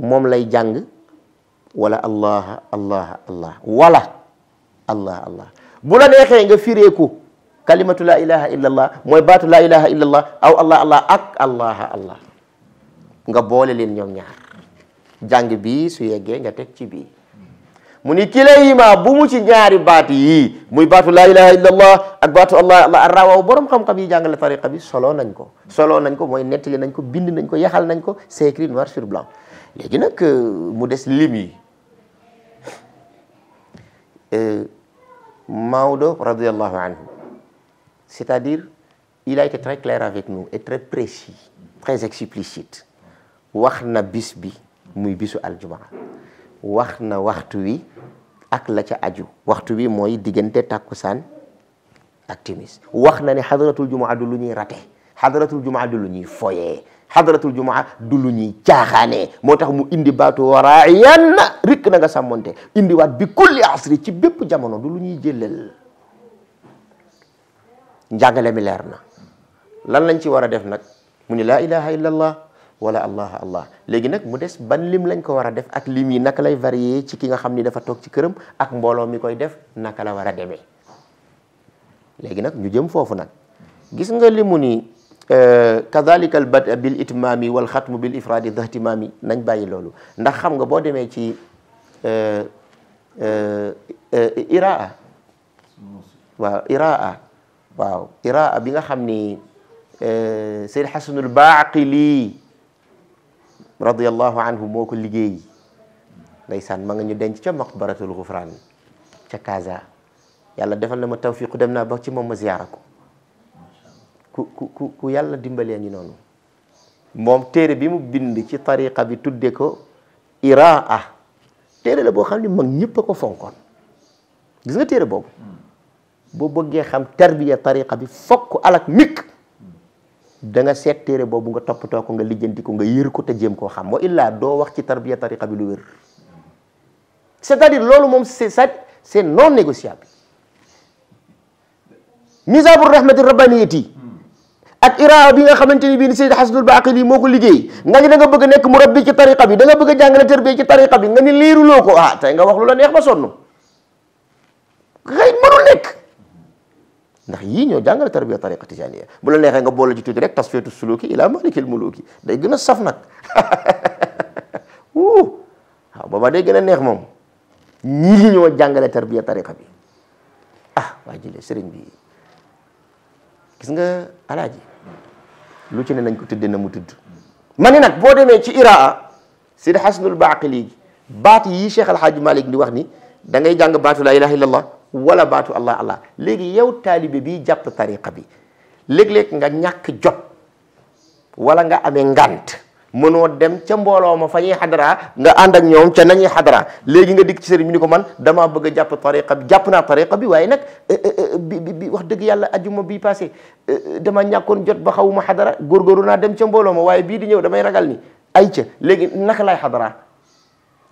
[SPEAKER 1] mom lay jang wala allah allah allah wala allah allah bu la nexé nga ko kalimatu la ilaha illallah moy batu la ilaha illallah aw allah allah ak allah allah nga bolé len ñom ñaar jang bi su yeggé nga tek ci bi mu ni kilayhima bu mu ci ñaari baat yii muy baatu laa ilaha illa allah ak baatu allah allah rawaw borom xam-xam yi jàngale tariqa bi solo nañ ko solo nañ ko mooy nettali nañ ko bind nañ ko yaxal nañ ko c'est écrit noir sur blanc léegi nag euh, mu des lim yi euh, Maodo radiallahu anhu c'est-à-dire il a été très clair avec nous et très précis très explicite wax na bis bi muy bisu aljumaa wax na waxtu wi ak la ca aju waxtu wi mooy takku tàkkusaan ak timis wax na ne xadaratul jumaa du lu ñuy rate xadaratul jumaa du lu ñuy foyee xadaratul jumaa du lu ñuy caaxaanee moo tax mu indi baatu waraayan rikk na nga sàmmonte indiwaat bi kulli asri ci bépp jamono du lu ñuy jëlal njàngale mi leer na lan lañ ci war a def nag mu ni laa ilaha illallah wala allah allah léegi nag mu des ban lim lañ ko war a def ak lim yi naka lay varier ci ki nga xam ni dafa toog ci këram ak mbooloo mi koy def naka la war a demee léegi nag ñu jëm foofu nag gis nga limu ni euh, kadhalika al bada bil itmaami wal xatmu bil ifraadi da ihtimaami nañ bàyyi loolu ndax xam nga boo demee ci euh, euh, iraa iraa bi nga xam ni Seyd Xasanul Baaqili رضي الله عنه موكو ليغي ديسان ماغي ني دنج تي مقبره الغفران تي كازا يالا ديفال نما توفيق دمنا با تي موم زيارهكو كو كو كو يالا ديمبالي ني نونو موم تيري بيمو بيند تي طريقه بي توديكو اراءه تيري لا بو خاندي ماغ نييب كو فونكون غيس نغا تيري بوبو خام تربيه طريقه بي فوك الاك ميك danga seet téere boobu nga toppatoo ko nga lijjanti ko nga yër ko te jéem koo xam wa illaa doo wax ci tarbiya tariqa bi lu wér c'est-à-dire loolu moom c'est ça c'est non négociable nisabu rahmati rabbaniyati ak iraa bi nga xamante ni bii ni Seyd Xasanul Baaqili yi moo ko liggéey nga ni da nga bëgg a nekk murabbi ci tariqa bi da nga bëgg a jàngale tarbiya ci tariqa bi nga ni liiruloo ko ah tey nga wax lu la neex ma sonn xëy mënul nekk ndax yi ñoo jàngale tarbiya tariqa tijaniya bu la neexee nga boole ci tuuti rek tasfiyatu suluki ila malikil muluki day gën a saf nag wuu waaw booba day gën a neex moom ñoo jàngale tarbiya tariqa ah, bi ah waa jile sëriñ bi gis nga alaaji lu ci ne nañ ko tudde na mu tudd mani nag boo demee ci iraa sidi xasnul baaqili baat yi cheikh alhaaji malik di wax ni da ngay jàng baatu la ilaha illallah wala baatu allah allah léegi yow taalibe bi jàpp tariqa bi léeg-léeg nga ñàkk jot walla nga amee ngant mënoo dem ca mbooloo ma fa ñuy xadara nga ànd ak ñoom ca nañuy xadara léegi nga digg ci sëriñ bi ni ko man damaa bëgg a jàpp tariqa bi jàpp naa tariqa bi waaye nag eh, eh, eh, bi wax dëgg yàlla a ajuma bii passé dama ñàkkoon jot ba xawuma xadara góorgóoru naa dem ca mbooloo ma waaye bii di ñëw damay ragal ni ay ca léegi naka laay xadaraa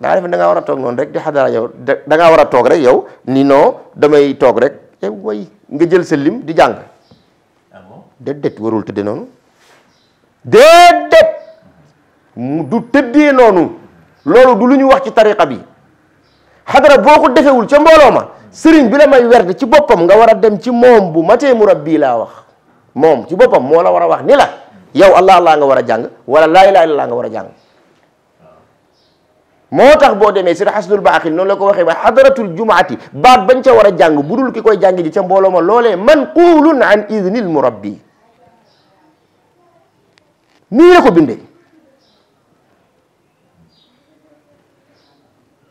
[SPEAKER 1] da ngaa def da war a toog noonu rek di xadara yow da war a toog rek yow ni noo damay toog rek yow nga jël sa lim di jàng ah déedéet warul tëddee noonu déedéet du tëddee noonu loolu du lu ñu wax ci tariqa bi xadara boo ko defewul ca mbooloo ma sëriñ bi la may werd ci boppam nga war a dem ci moom bu matee murabbi laa wax moom ci boppam moo la war a wax ni la yow allah allah nga war a jàng wala laa ilaaha laa nga war a jàng moo tax boo demee si xasnul baaxil noonu la ko waxee ba xadaratul jumaati baat bañ ca war a jàng budul ki koy jàng ji ca mbooloo ma loolee manquulun an idnil murabbi nii la ko bindee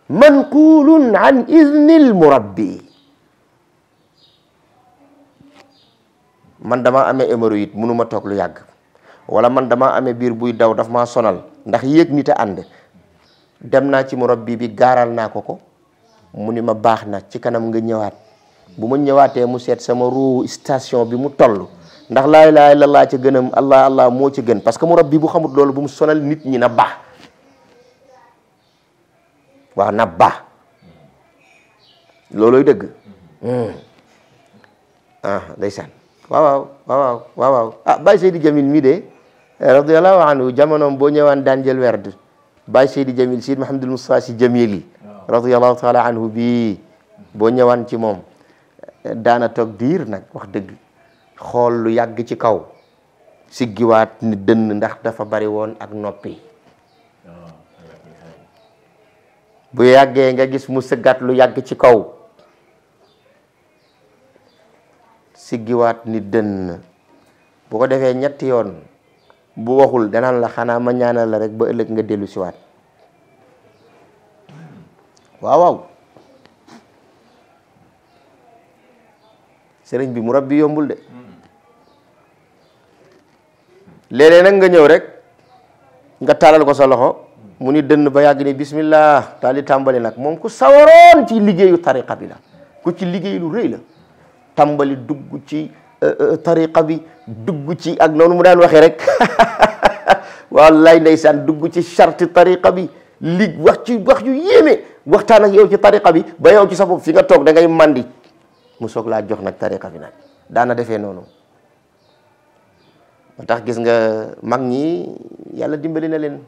[SPEAKER 1] manquulun an idnil murabbi man damaa amee it mënuma toog lu yàgg wala man damaa amee biir buy daw dafa ma sonal ndax yéeg nit a ànd dem naa ci murabbi bi gaaral naa ko ko mu ni ma baax na ci kanam nga ñëwaat bu ma ñëwaatee mu seet sama ruu station bi mu toll ndax laa ilaha illallah ca gënam allah allah moo ci gën parce que murabbi bu xamut loolu bu mu sonal nit ñi na baax waaw na baax loolooy dëgg hmm. ah ndeysaan waaw waaw waaw waaw ah mii de radiyallahu anhu jamonoom boo ñëwaan daan jël werd bay Seydi Jamil Seydi Mahamadul mustafa jamili Jamil ya. yi taala anhu bi bo ñewan ci mom daana tok dir nak wax deug xol lu yag ci kaw wat ni deun ndax dafa bari won ak nopi ya, bu yagge nga gis mu seggat lu yag ci kaw wat ni deun bu ko defé ñetti yoon bu waxul danaan la xanaa ma ñaanal la rek ba ëllëg nga dellu siwaat waaw waaw sëriñ bi mu rab yombul de léeg-léeg nag nga ñëw rek nga taalal ko sa loxo mu ni dënn ba yàgg ni bismillah taal di tàmbali nag moom ku sawaroon ci liggéeyu tariqa bi la ku ci liggéey lu rëy la tàmbali ci Eh, eh, tariqa bi dugg ci ak noonu mu daan waxe rek wallahi ndaysan dugg ci charte tariqa bi li wax ci wax yu yeme waxtan ak yow ci tariqa bi ba yow ci sa bop fi nga tok da ngay mandi mu sok la jox nak tariqa bi nak daana defé nonu motax gis nga mag ñi yalla dimbali na len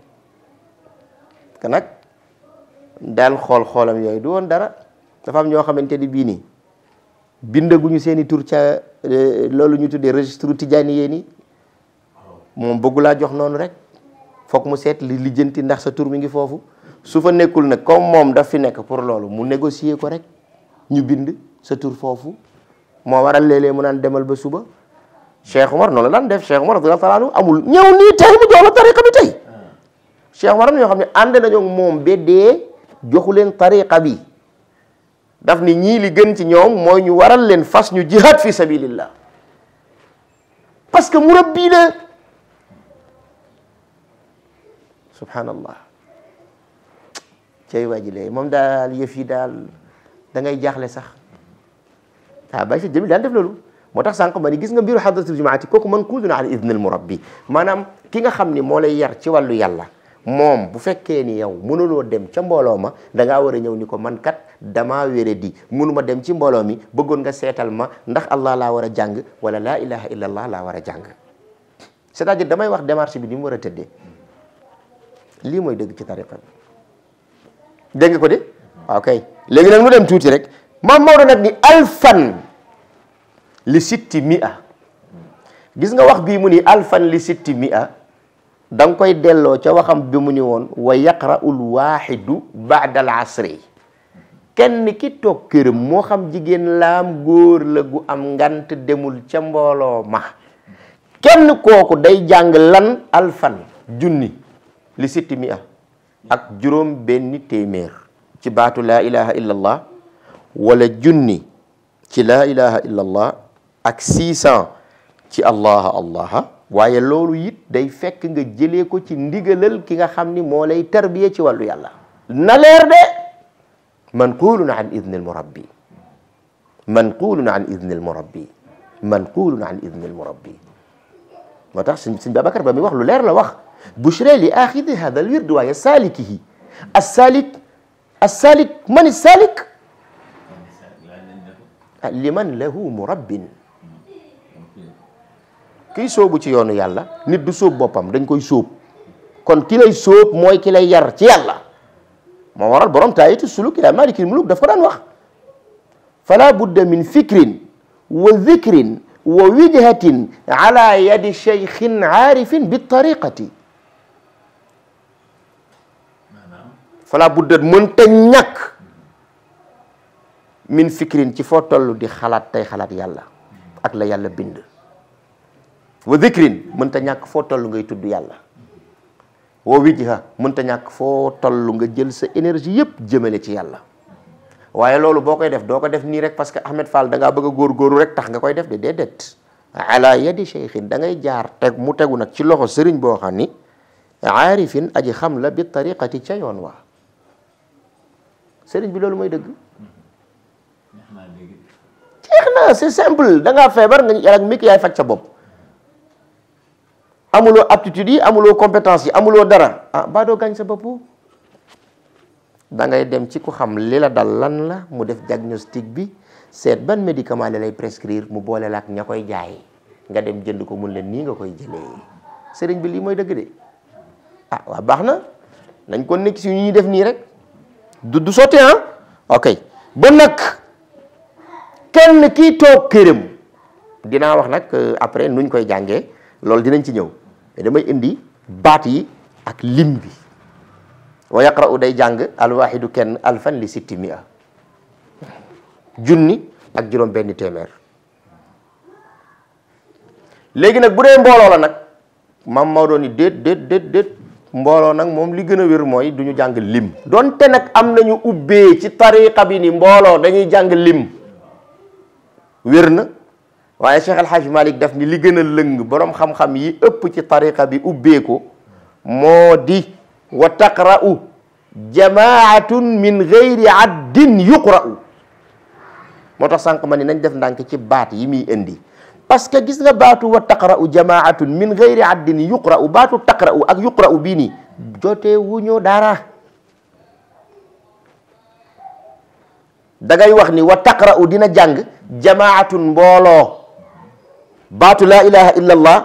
[SPEAKER 1] te nak dal xol xolam yoy du won dara dafa am xamanteni bi ni bindaguñu seeni tour ca Euh, loolu ñu tuddee registre tijaani yéen yi moom bëggulaa jox noonu rek foog mu seet li lijjanti ndax sa tur mi ngi foofu su fa nekkul nag comme moom daf fi nekk pour loolu mu négocier ko rek ñu bind sa tur foofu moo waral léeg-léeg mu naan demal ba suba Cheikh Omar noonu la daan def Cheikh Omar radiyallaahu taala amul ñëw nii tey mu jox la tariqa bi tey Cheikh am na ñoo xam ne ànd nañoo moom ba dee joxu leen tariqa bi daf ni ñi li gën ci ñoom moy ñu waral leen fas ñu jihad fi sabilillah parce que murabbi la subhanallah cey waji lay mom dal daal yëf yi daal da ngay jaxlé sax ta bay ci jëmi dal def lolu motax sank sànq ma ni gis nga mbiru hadratul jumaati koku man kuuduna ala idnil murabbi manam ki nga xamni mo lay yar ci walu yàlla mom bu fekke ni yow dem ci mbolo ma da nga wara ñew ñëw ni ko man kat dama wéré di dem ci mbolo mi bëggon nga sétal ma ndax allah la wara jang wala la ilaha illallah laa wara a jàng c'est-à-dire damay wax démarche bi ni mu wara a li moy dëgg ci tariqa dëgg ko dé ok légui nak mu dem rek Mama orang nak ni alfan li sitti mi gis nga wax bi mu ni alfan li sitti dang koy delo ci waxam bi mu ni won wa yaqra'ul waaxidu ba'dal asri kenn ki tok keur mo xam jigen lam góor la gu am ngant demul ci mbolo ma kenn koku day jang lan alfan junni li sitti ak jurom benni temer ci batu la ilaha illallah wala junni ci la ilaha illallah ak 600 ci allaha allaha waye lolou yit day fekk nga jele ko ci ndigeelal ki nga xamni mo lay tarbiya ci walu yàlla na leer de manqulun an idhn al murabbi manqulun an idhn al murabbi manqulun an idni almurabbi moo tax sëñ sëñ Babacar ba wax lu leer la wax bushra li axidi hada alwird waaye salik assaalik salik man salik liman lahu murabbin kiy soobu ci yoonu yàlla nit du sóob boppam dañ koy sóob kon ki lay mooy ki lay yar ci yàlla moo waral borom taayiti suluk ila malikil muluk daf ko daan wax fala budda min fikrin wa ñàkk min fikrin ci foo toll di xalaat tey xalaat yàlla ak la yàlla bind wa dhikrin ta ñak fo tollu ngay tuddu yalla wa wijha ta ñak fo tollu nga jël sa énergie yépp jëmele ci yalla waye lolu bokay def doko def nirek rek parce que Ahmed Fall da nga bëgg gor gor rek tax nga koy def de dedet ala yadi shaykhin da ngay jaar teg mu tegu nak ci loxo serign bo xani aarifin aji xam la bi tariqati chayon wa serign bi lolu moy deug jeex c'est simple da nga febar nga yalla mik yaay fac sa bop amulo aptitude amulo compétence amulo dara ah baa doo gaañ sa da ngay dem ci ku xam lila la dal lan la mu def diagnostic bi set ban médicament lay prescrire mu bolé lak ñakoy jaay nga dem jënd ko mun leen ni nga koy jëlé sëriñ bi li moy dëgg dé ah wa baxna nañ ko nekk ci def ni rek du du soté ah ok ba nak kenn ki tok kërëm dina wax nak après nuñ koy jàngee lol dinañ ci ñëw mais damay indi bat yi ak lim bi wa yaqra'u day al wahidu kenn alfan li 600 junni ak juróom benn téeméer legi nak bu dee mbooloo la nak mam Maodo ni déet déet déet déet mbooloo nang mom li gën a moy duñu jang lim donte nag am nañu ubbee ci tariqa bi ni mbolo dañuy jang lim wér waaye Cheikh El Hadj Malick ni li gën a lëng boroom xam yi ëpp ci tariqa bi ubbee moo di wa taqra'u jamaatun min gayri addin yuqra'u moo tax sànq ma ni nañ def ndànk ci baat yi muy indi parce que gis nga baatu wa taqra'u jamaatun min gayri addin yuqra'u baatu taqra'u ak yuqra'u bii nii jotee wuñu dara da ngay wax ni wa taqra'u dina jàng jamaatun mbooloo باتو لا إله إلا الله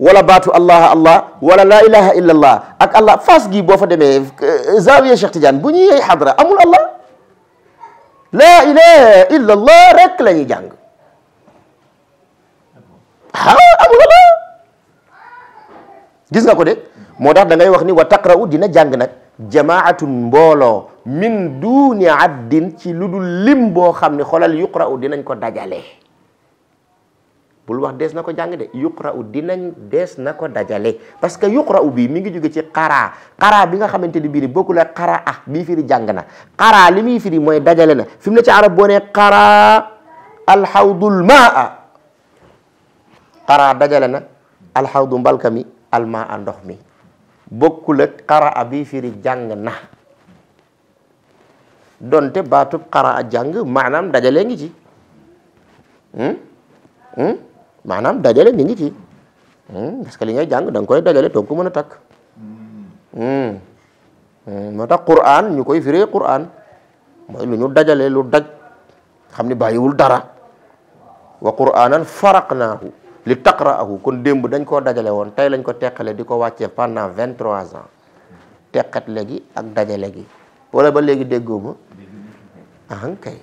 [SPEAKER 1] ولا باتو الله الله ولا لا إله إلا الله أك الله فاسقي بوفا دمي زاوية شيخ جان بني حضرة أمول الله لا إله إلا الله رك لني جانج ها أمول الله جيس نقول دي مودا دا ngay wax ni wa taqra'u dina jang nak jama'atun mbolo min duni addin ci luddul lim bo xamni xolal yuqra'u dinañ ko dajale bul wax dees na ko jàng de yuqra u dinañ dees na ko dajale parce que yuqra u bii mi ngi jóge ci xaraa xaraa bi nga xamante ni bii ni bokkul ak xara ah bii firi jàng na xaraa li muy firi mooy dajale na fi mu ne ci arab boo ne xaraa alxawdul maa xaraa dajale na alxawdu mbalka mi almaa ndox mi bokkul ak xaraa bii firi jàng na donte baatub xaraa jàng maanaam dajale ngi ci Hmm? hmm? maanaam dajale mi ngi ci hmm, parce que li ngay jàng da koy dajale doog ko mën a takk hmm, hmm, moo tax quraan ñu koy firee quraan mooy lu ñu dajale lu daj xam ni bàyyiwul dara wa quraanan faraqnaahu li taqraahu kon démb dañ koo dajale woon tey lañ ko teqale di ko wàccee pendant vingt trois ans teqat léegi ak dajale gi wala ba léegi déggoo ma ahan kay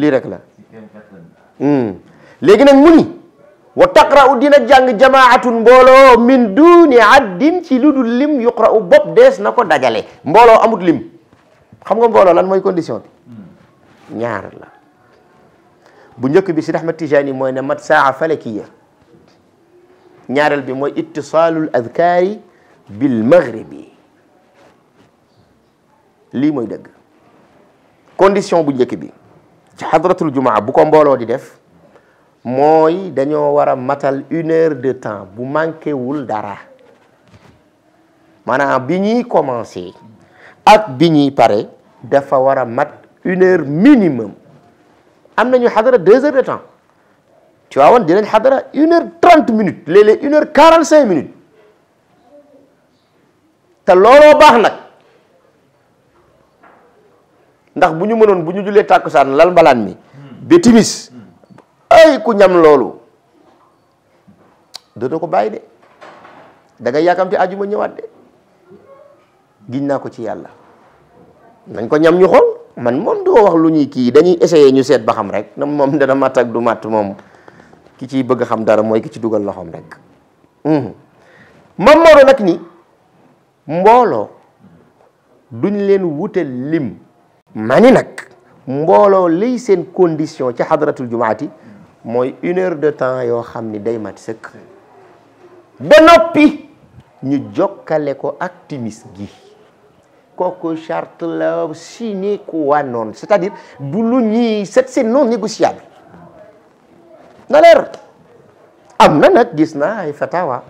[SPEAKER 1] lii rek la léegi nag mu ni wa taqra'u dina jàng jamaatun mbooloo min duuni addin ci ludul lim yuqra'u bopp dees na ko dajale mbooloo amut lim xam nga mbooloo lan mooy condition bi ñaar la bu njëkk bi si Ahmad Tijaani mooy na mat saa falakiya ñaareel bi mooy ittisaalul adkaari bil maghribi lii mooy dëgg condition bu njëkk bi ci hadratul jumaa bu ko mbooloo di def mooy dañoo war a matal une heure de temps bu manqué wul dara maanaam bi ñuy commencé ak bi ñuy pare dafa war a mat une heure minimum am nañu xadara deux heures de temps tu vois woon dinañ xadara une heure trente minutes léeg une heure quarante cinq minutes te looloo baax nag ndax bu ñu mënoon bu ñu julee tàkkusaan lal mbalaan mi ba timis ay ku ñam loolu dootoo ko bàyyi de da nga yaakamte ajuma ñëwaat de giñ naa ko ci yàlla nañ ko ñam ñu xool man moom du wax lu ñuy kii dañuy essayer ñu seet ba xam rek na moom dana matt ak du matt moom ki ciy bëgg xam dara mooy ki ci dugal loxoom rek hmm. mam moro nag ni mbooloo duñ leen wute lim mani nag mbooloo lay seen condition ci xadratul jumaati moy une heure de temps yo xamni day mat seuk ba noppi ñu jokalé ko ak gi koko charte la sine qua non c'est-à-dire du lu ñi set c'est non négociable na leer am na nag gis naa ay fatawa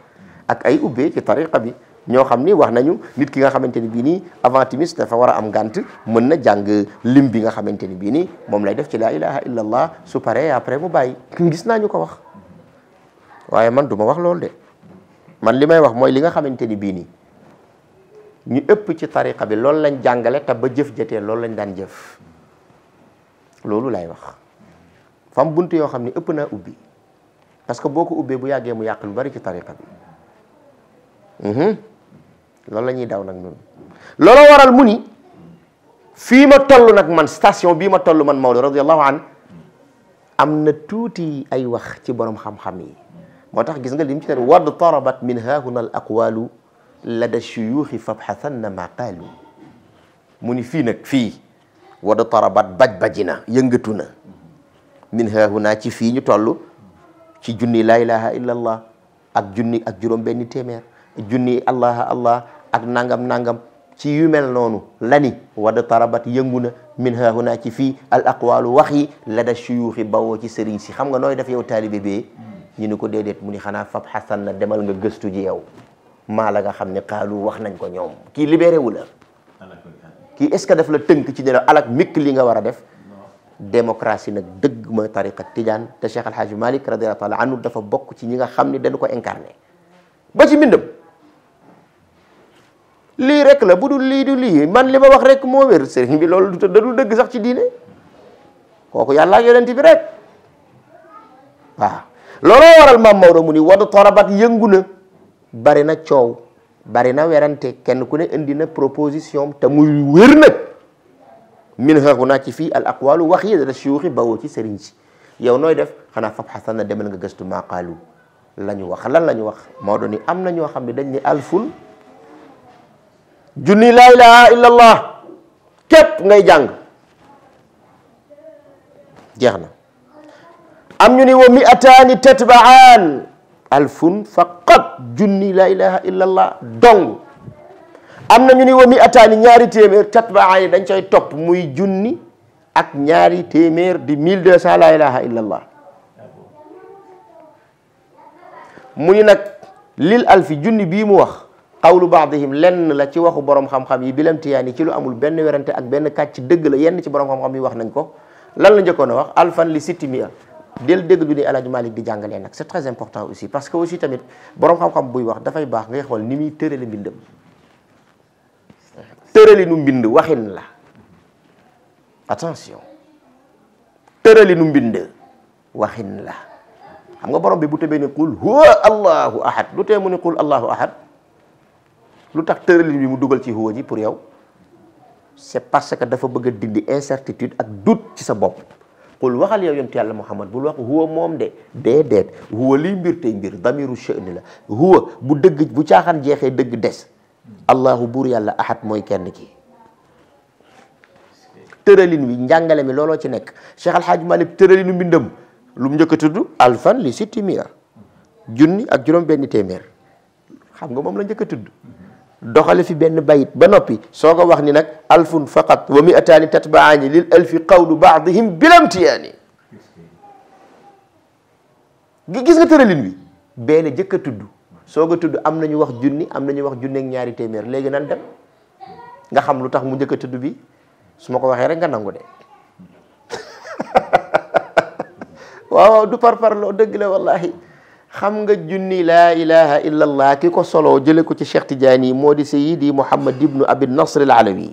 [SPEAKER 1] ak ay ubbee ci tariqa bi ñoo xam ni wax nañu nit ki nga xamante ni bii nii avant timis dafa war a am ngant mën na jàng lim bi nga xamante ni bii nii moom lay def ci laa ilaha illa allah su paree après mu bàyyi gis naa ñu ko wax waaye man du wax loolu de man li may wax mooy li nga xamante ni bii nii ñu ëpp ci tariqa bi loolu lañ jàngale te ba jëf jotee loolu lañ daan jëf loolu lay wax fam bunt yoo xam ne ëpp naa ubbi parce que boo ko ubbee bu yàggee mu yàq lu bari ci tariqa bi mhm. loolu la ñuy daw nag noonu loolu waral mu ni fii ma toll nag man station bii ma toll man Maodo radiyallahu an am na tuuti ay wax ci borom xam-xam yi moo tax gis nga lim ci ne wad tarabat min haahuna al aqwalu lada shuyuuxi fabxasanna ma qaalu mu ni fii nag wad tarabat baj-baji na min haahuna ci fii ñu toll ci junni laa ilaha illa allah ak junni ak juróom benni téeméer junni allah allah ak nangam nangam ci yu mel noonu lani wada tarabat yëngu na min haahuna ci fii al aqwalu wax yi la da suyuuxi bawoo ci sëriñ si xam nga nooy def yow taalibe bee hmm. ñu ni ko déedéet mu ni xanaa fab xasan na demal nga gëstu ji yow maa la nga xam ne xaalu wax nañ ko ñoom kii libéré wu la kii est ce que daf la tënk ci ne la alak mikk li nga war a def démocratie nag dëgg ma tariqa tijaan te Cheikh Alhaaji Malik radiallahu taala dafa bokk ci ñi nga xam ne dañu ko incarné lii rek la bu dul lii du lii man li ma wax rek moo wér sëriñ bi lool loolu da dul dëgg sax ci diine kooku yàlla ak yonent bi rek waaw looloo waral maam Maodo mu ni wadu torabat yëngu na bari na coow bari na werante kenn ku ne indi na proposition te muy wér nag min xeexu naa ci fii al aqwalu wax yi da dana siuxi bawoo ci sëriñ ci yow nooy def xanaa fab xasan na demal nga gëstu maaqaalu la ñu wax lan la ñu wax Maodo ni am na ñoo xam ne dañ ni junni laa ilaha illa allah ngay jàng jeex na am ñu ni wa mi'ataani tatba'aan alfun faqat junni laa ilaha illa dong am na ñu ni wa mi'ataani ñaari téeméer tatba'aan yi dañ cay topp muy junni ak ñaari téeméer di mille deux cent laa ilaha illa mu ni nag lil alfi junni bii mu wax qawlu ba'dihim len la ci waxu borom xam-xam yi bilam tiyani ci lu amul ben wérante ak ben katch deug la yenn ci borom xam-xam yi wax nañ ko lan la wax alfan li sitti del deug du ni El malik di jangale nak c'est très important aussi parce que aussi tamit borom xam-xam buy wax fay bax ngay xol ni muy mbindum mbindam nu mbind waxin la attention nu mbind waxin la xam nga borom bi bu tebe ni qul huwa allahu ahad lu tee mu ni qul allahu ahad lu tax tëralin bi mu dugal ci huwa ji pour yow c'est parce que dafa bëgg dindi incertitude ak doute ci sa bopp qul waxal yow yontu yàlla muhammad bul wax huwa mom de déedéet huwa liy mbir tey mbir damiru la huwa bu dëgg bu caaxaan jeexee dëgg des allahu buur yàlla ahad mooy kenn ki tëralin wi njàngale mi lolo ci nekk cheikh alhaaj malik tëralinu mbindam lu mu njëkk alfan li timir, junni ak juróom benn téeméer xam nga moom la njëkk doxale fi benn bayit ba noppi soo ko wax ni nag alfun faqat wa mi'ataani tatbaani lil alfi qawlu baadihim gi gis nga tëralin wi benn jëkk a tudd soo ko tudd am nañu wax junni am nañu wax ak ñaari téeméer léegi nan dem nga xam lu tax mu njëkk a tudd bi su ma ko waxee rek nga nangu de waaw du par lo dëgg la wallahi xam nga junni laa ilaha illa allah ki ko soloo jële ko ci Cheikh Tidiane yi moo di sayidi Muhammad ibnu Abi Nasr al Alawi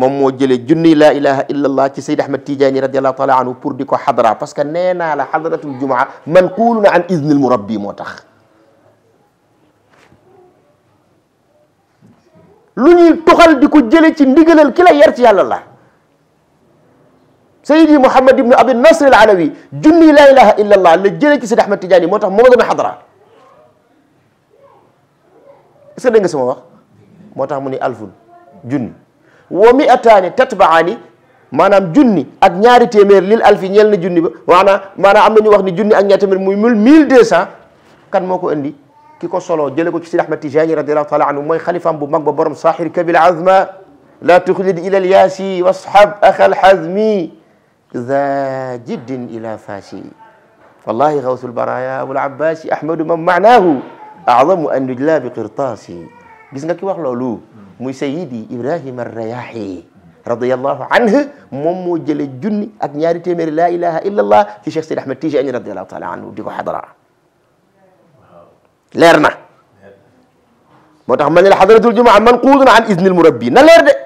[SPEAKER 1] moom moo jële junni laa ilaha illa allah ci sayid Ahmad Tidiane radiallahu taala anhu pour di ko xadra parce que nee naa la xadratul jumaa manqulun an idni al murabbi moo tax lu ñuy tuxal di ko jële ci ndigalal ki la yar ci yàlla la سيدي محمد بن ابي النصر العلوي جني لا اله الا الله لجيلي سيدي احمد تجاني موتا مو دون حضره اسكو دنج موتا واخ موتاخ موني الفن جني ومئتان تتبعاني مانام جني اك نياري تيمير ليل الف نيل جني وانا مانا امنا ني واخ ني جني اك نيا تيمير موي 1200 كان موكو اندي كيكو سولو جيليكو سيدي احمد تجاني رضي الله تعالى عنه موي خليفه بو ماك بو بروم صاحب كبير العظمه لا تخلد الى الياسي واصحب اخ الحزمي ذا جد إلى فاسي والله غوث البرايا والعباسي أحمد من معناه أعظم أن نجلى بقرطاسي قسنا كي وقلوا له مي سيدي إبراهيم الرياحي رضي الله عنه مم جل الجن أكنياري تمر لا إله إلا الله في شخص أحمد تيجي رضي الله تعالى عنه ديكو حضرة ليرنا متحمل الحضرة الجمعة من عن إذن المربي نلير دي.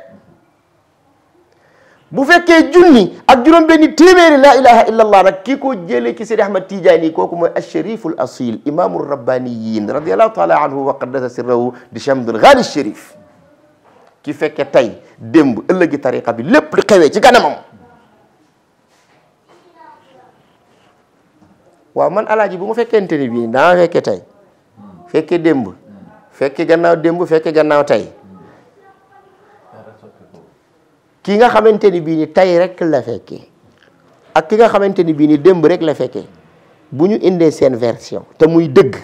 [SPEAKER 1] bu fekke julli ak juróom-benni téeméeri la ilaha illa allah ki kiko jele ci Seydi Ahmad koku moy ash asharifu al asil imam ar rabbaniyin radiyallahu taala anhu wa qaddasa bi di chamdul gaali sharif ki fekke tay démb ëllëgi tariqa bi lépp di xewé ci ganamam wa man alaaji bu mu fekkente ni bii naa fekke tay fekke démb fekke gannaaw démb fekke gannaaw tay ki nga xamante ni bii ni tey rek la fekkee ak ki nga xamante ni bii ni démb rek la fekkee bu ñu indee seen version te muy dëgg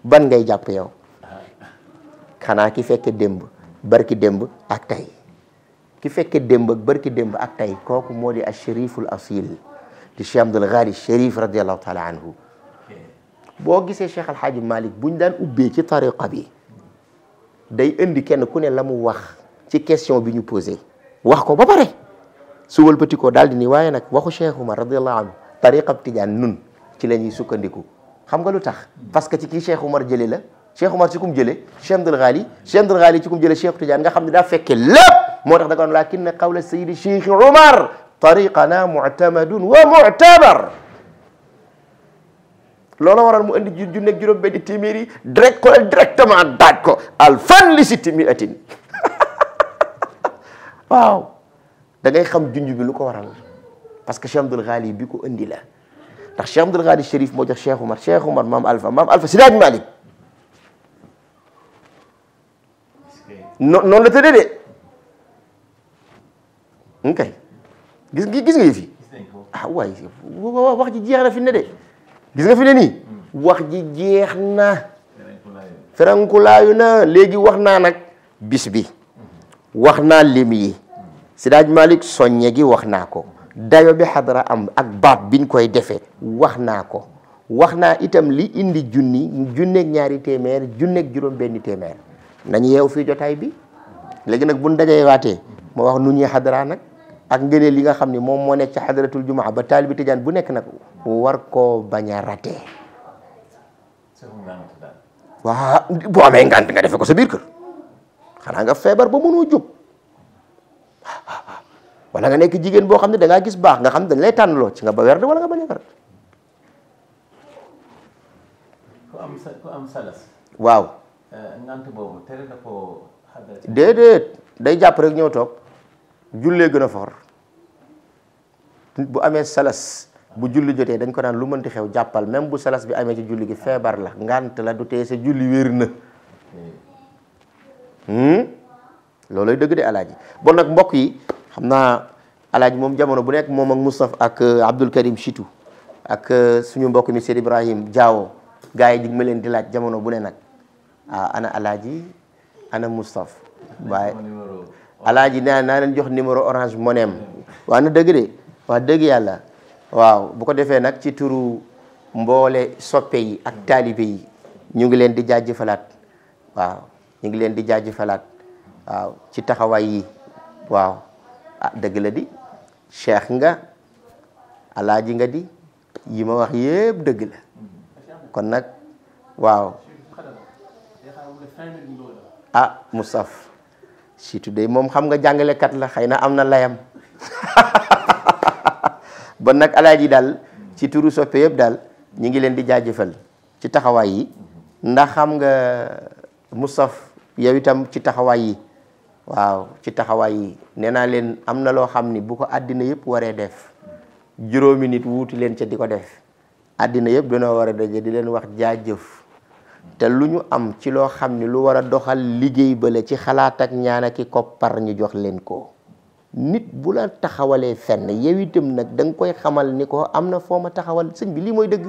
[SPEAKER 1] ban ngay jàpp yow xanaa ki fekke démb barki demb ak tey ki fekke démb ak barki démb ak tey kooku moo di ashériful asil di Cheikh Abdoul Ghali Chérif radiallahu taala anhu boo gisee Cheikh Alhaaji Malick bu ñu daan ubbee ci tariqa bi day indi kenn ku ne la mu wax ci question bi ñu posé wax ko ba pare su wëlbati ko daal di ni waaye nag waxu Cheikh Umar radiyallahu anhu tariqab Tijaan nun ci la ñuy sukkandiku xam nga lu tax parce que ci kii Cheikh Umar jëlee la Cheikh Umar ci kum jëlee Cheikh Abdul Ghali Cheikh Abdul Ghali ci kum jëlee Cheikh Tijaan nga xam ne daa fekke lépp moo tax da koon lakinna qawla sayyidi Cheikh Umar tariqana mu'tamadun wa mu'tabar loolu waral mu indi ju nekk juróom benni téeméeri direct ko directement daaj ko alfan li si timiatin waaw da ngay xam junj bi lu ko waral parce que Cheikh Abdoul Ghali bi ko indi la ndax Cheikh Abdoul Ghali Chérif moo jox Cheikh Umar Cheikh Umar maam Alpha maam Alpha Seydi Hadji Malick non noonu la tëddee de kay gis nga gis nga yëf yi ah waay wax ji jeex na fi ne de gis nga fi ne nii hmm. wax ji jeex na ferankulaayu na léegi wax naa nag bis bi wax naa lim yi Sidaaj Malick soññe gi wax naa ko dayo bi xadara am ak baat biñ koy defee wax naa ko wax naa itam li indi junni junneeg ñaari téeméer junneeg juróom benni téeméer nañ yeew fii jotaay bi léegi nag bu dajee waatee ma wax nu ñuy xadara nag ak ngëneel li nga xam ne moom moo nekk ci xadaratul jumaa ba taalibi tijaan bu nekk nag war ko bañ a ratee amee ngant nga defe ko sa biir xanaa nga feebar ba mënoo jóg wala nga kan nekk jigéen boo xam ne da ngaa gis baax nga xam ne dañ lay tànnaloo ci nga ba werd wala nga kan ba a kan. am sa ku am salas waaw eh, ngant boobu tere na ko déedéet day jàpp rek ñëw toog jullee gën a for bu amee salas bu julli jotee dañ ko naan lu mënti xew jàppal même bu salas bi amee ci julli gi feebar la ngant la du tee sa julli wér na Hmm? loolooy dëgg de alaaji bon nag mbokk yi xam naa alaaji moom jamono bu nekk moom ak Moustapha ak euh, Abdul Karim Chitu ak euh, suñu mbokk mi Seyd Ibrahim Diawo gars yi dig ma leen di laaj jamono bu ne nag ah ana alaaji ana Moustapha waaye alaaji na naa leen jox numéro orange monem waa na dëgg de wax dëgg yàlla waaw bu ko defee nag ci turu mboole soppe yi ak taalibe yi ñu ngi leen di jaajëfalaat waaw ñu ngi leen di jaajëfalaat waaw ci taxawaay yi waaw ah dëgg la di cheikh nga alaaji nga di yi ma wax yëpp dëgg la kon nag waaw ah Moussaf surtout de moom xam nga jàngalekat la xëy na am na layam ba nag alaaji daal ci turu soppe yëpp daal ñi ngi leen di jaajëfal ci taxawaay yi ndax xam nga Moussaf yow itam ci taxawaay yi waaw ci taxawaay yi nee naa leen am na loo xam ni bu ko àddina yëpp waree def juróomi nit wuuti leen ca di ko def àddina yëpp danoo war a daje di leen wax jaajëf te lu ñu am ci loo xam ni lu war a doxal liggéey bële ci xalaat ak ñaan ak i koppar jox leen ko nit bu la taxawalee fenn yow itam nag da koy xamal ni ko am na foo ma taxawal sëñ bi lii mooy dëgg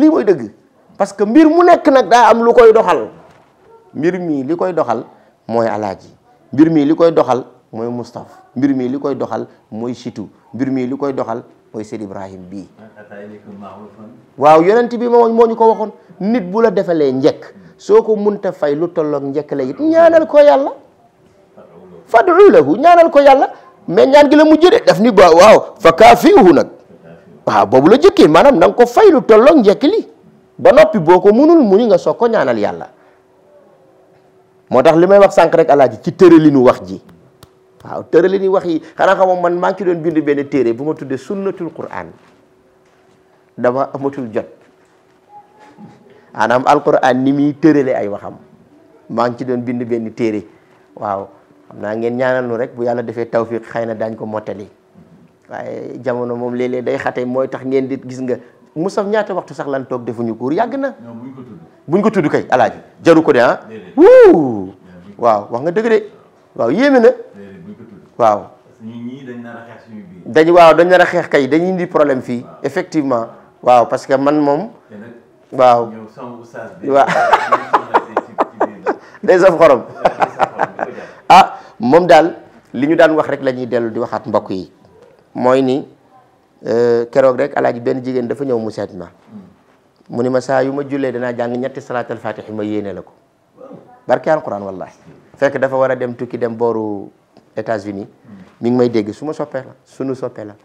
[SPEAKER 1] lii mooy dëgg parce que mbir mu nekk nag daa am lu koy doxal mbir likoy li moy doxal moy alaaji mbir moy Mustaf. doxal moy mustaf mbir mii likoy doxal moy Chitu mbir mii doxal moy Seydi Ibrahim bi waaw yonent bi mo moo ñu ko waxon nit bu la defale ñek soko munta fay lu tolloog ñek la yit ñaanal ko yalla fadu lahu ñaanal ko yalla me ñaan gi la mujjé de daf ni waaw fa kaafiuhu waaw bobu la jëkkee manam nang ko fay lu ñek li ba nopi boko munul muni nga soko ñaanal yalla moo tax li may wax sànq rek alaaji ci tëralinu wax ji waaw tëralinu wax yi xanaa xamoon man maa ngi ci doon bind benn téere bu ma tuddee sunnatul quran dama amatul jot maanaam alquran ni muy tërale ay waxam maa ngi ci doon bind benn téere waaw xam ngeen ñaanal nu rek bu yàlla defee tawfiq xëy na daañ ko mottali waaye jamono moom léeg day xate mooy tax ngeen di gis nga musaf ñaata waxtu sax lan toog defuñu cours yag na. buñ ko tuddu kay alaaji jaru ko de ah. wuu waaw wax nga deug de waaw yeme na. waaw. dañ waaw dañ na raxex kay dañ indi problème fi effectivement waaw parce que man mom waaw waaw. day saf xorom ah mom dal liñu daan wax rek lañuy delu di waxat mbokk yi moy ni. Eh, keroog rek alaaji ben jigen dafa ñew mu set ma mu ma sa yu ma julle dana jang ñetti salaatal fatih ma yene lako barke alquran wallahi fekk dafa wara dem tukki dem boru États-Unis mi ngi may dégg suma la sunu sopela.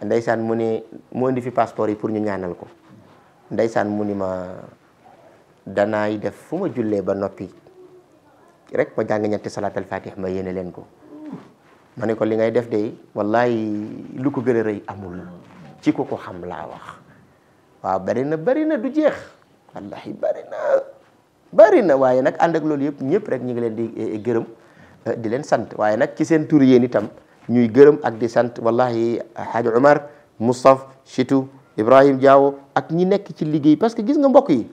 [SPEAKER 1] la ndaysan muni mo indi fi passeport yi pour ñu ñaanal ko ndaysan mu ma danaay def fuma ma ba nopi rek ma jang ñetti fatih ma yene len ko ma ne ko li ngay def de wallahi lu ko gën a rëy amul ci ko ko xam laa wax waaw bari na bari na du jeex wallahi bari na waaye nag ànd loolu yëpp ñëpp rek ñu ngi leen di eh, eh, gërëm eh, di leen sant waaye nag ci seen tur yéen itam ñuy gërëm ak di sant wallahi Hadj Omar Moustapha Chitou Ibrahim Diawo ak ñi nekk ci liggéey parce que gis nga mbokk yi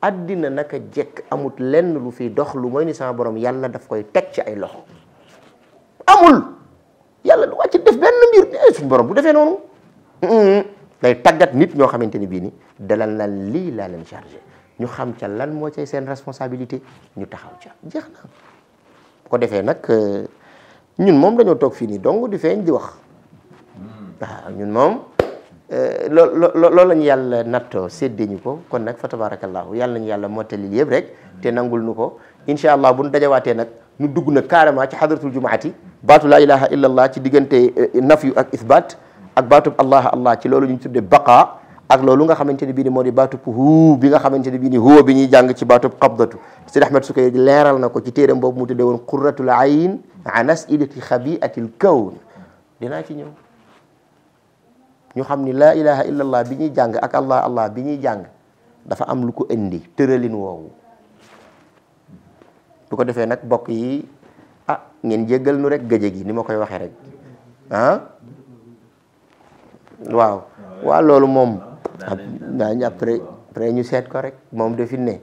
[SPEAKER 1] nag naka jekk amut lenn lu fi dox lu mooy ni sama borom yàlla daf koy teg ci ay loxo amul yalla du wacc def ben mbir ne eh, suñ borom bu nonu hmm day tagat nit ño xamanteni bi ni dalal la li la len charger ñu xam ca lan mo cey sen responsabilité ñu taxaw ca jeex na ko defé nak euh, ñun mom dañu tok fii nii dong di feñ di wax hmm. waaw ñun moom euh, lo lo lañu yalla natto séddee ko kon nak fa tabarakallah yalla ñu yalla motali yeb rek té nangul nuko incha allah bu nu dajawaatee nag nu dugg nag carrément ci xadratul jumaati baatu la ilaha illa allah ci diggante eh, nafyu ak isbat ak baatub allah allah ci loolu ñu tudde baqa ak loolu nga xamante ne bii ni moo di baatu huu bi nga xamante ne bii ni huwa bi ñuy jàng ci baatu qabdatu sidi ahmed sukay leeral na ko ci téeram boobu mu dee woon qurratul ayn an asilati xabiatil kawn dinaa ci ñëw xam ni laa ilaha illa allah bi ñuy jàng ak allah allah bi ñuy jàng dafa am lu ko indi tëralin woowu bu ko defee nag bokk yi ah ngeen jéggal nu rek gëje gi ni ma koy waxee rek ah waaw waaw loolu moom daañu après après ñu seet ko rek moom defi ne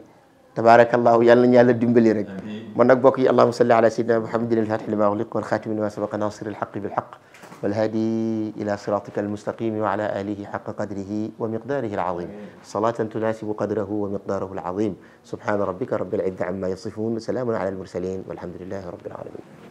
[SPEAKER 1] tabarakallahu yàlla nañu yàlla dimbali rek man nag bokk yi allahuma salli ala sayyidina muhammadin al-fatih lima ughliq wal khatimi lima sabaqa nasiril haqqi bil haqq والهادي إلى صراطك المستقيم وعلى آله حق قدره ومقداره العظيم صلاة تناسب قدره ومقداره العظيم سبحان ربك رب العزة عما يصفون سلام على المرسلين والحمد لله رب العالمين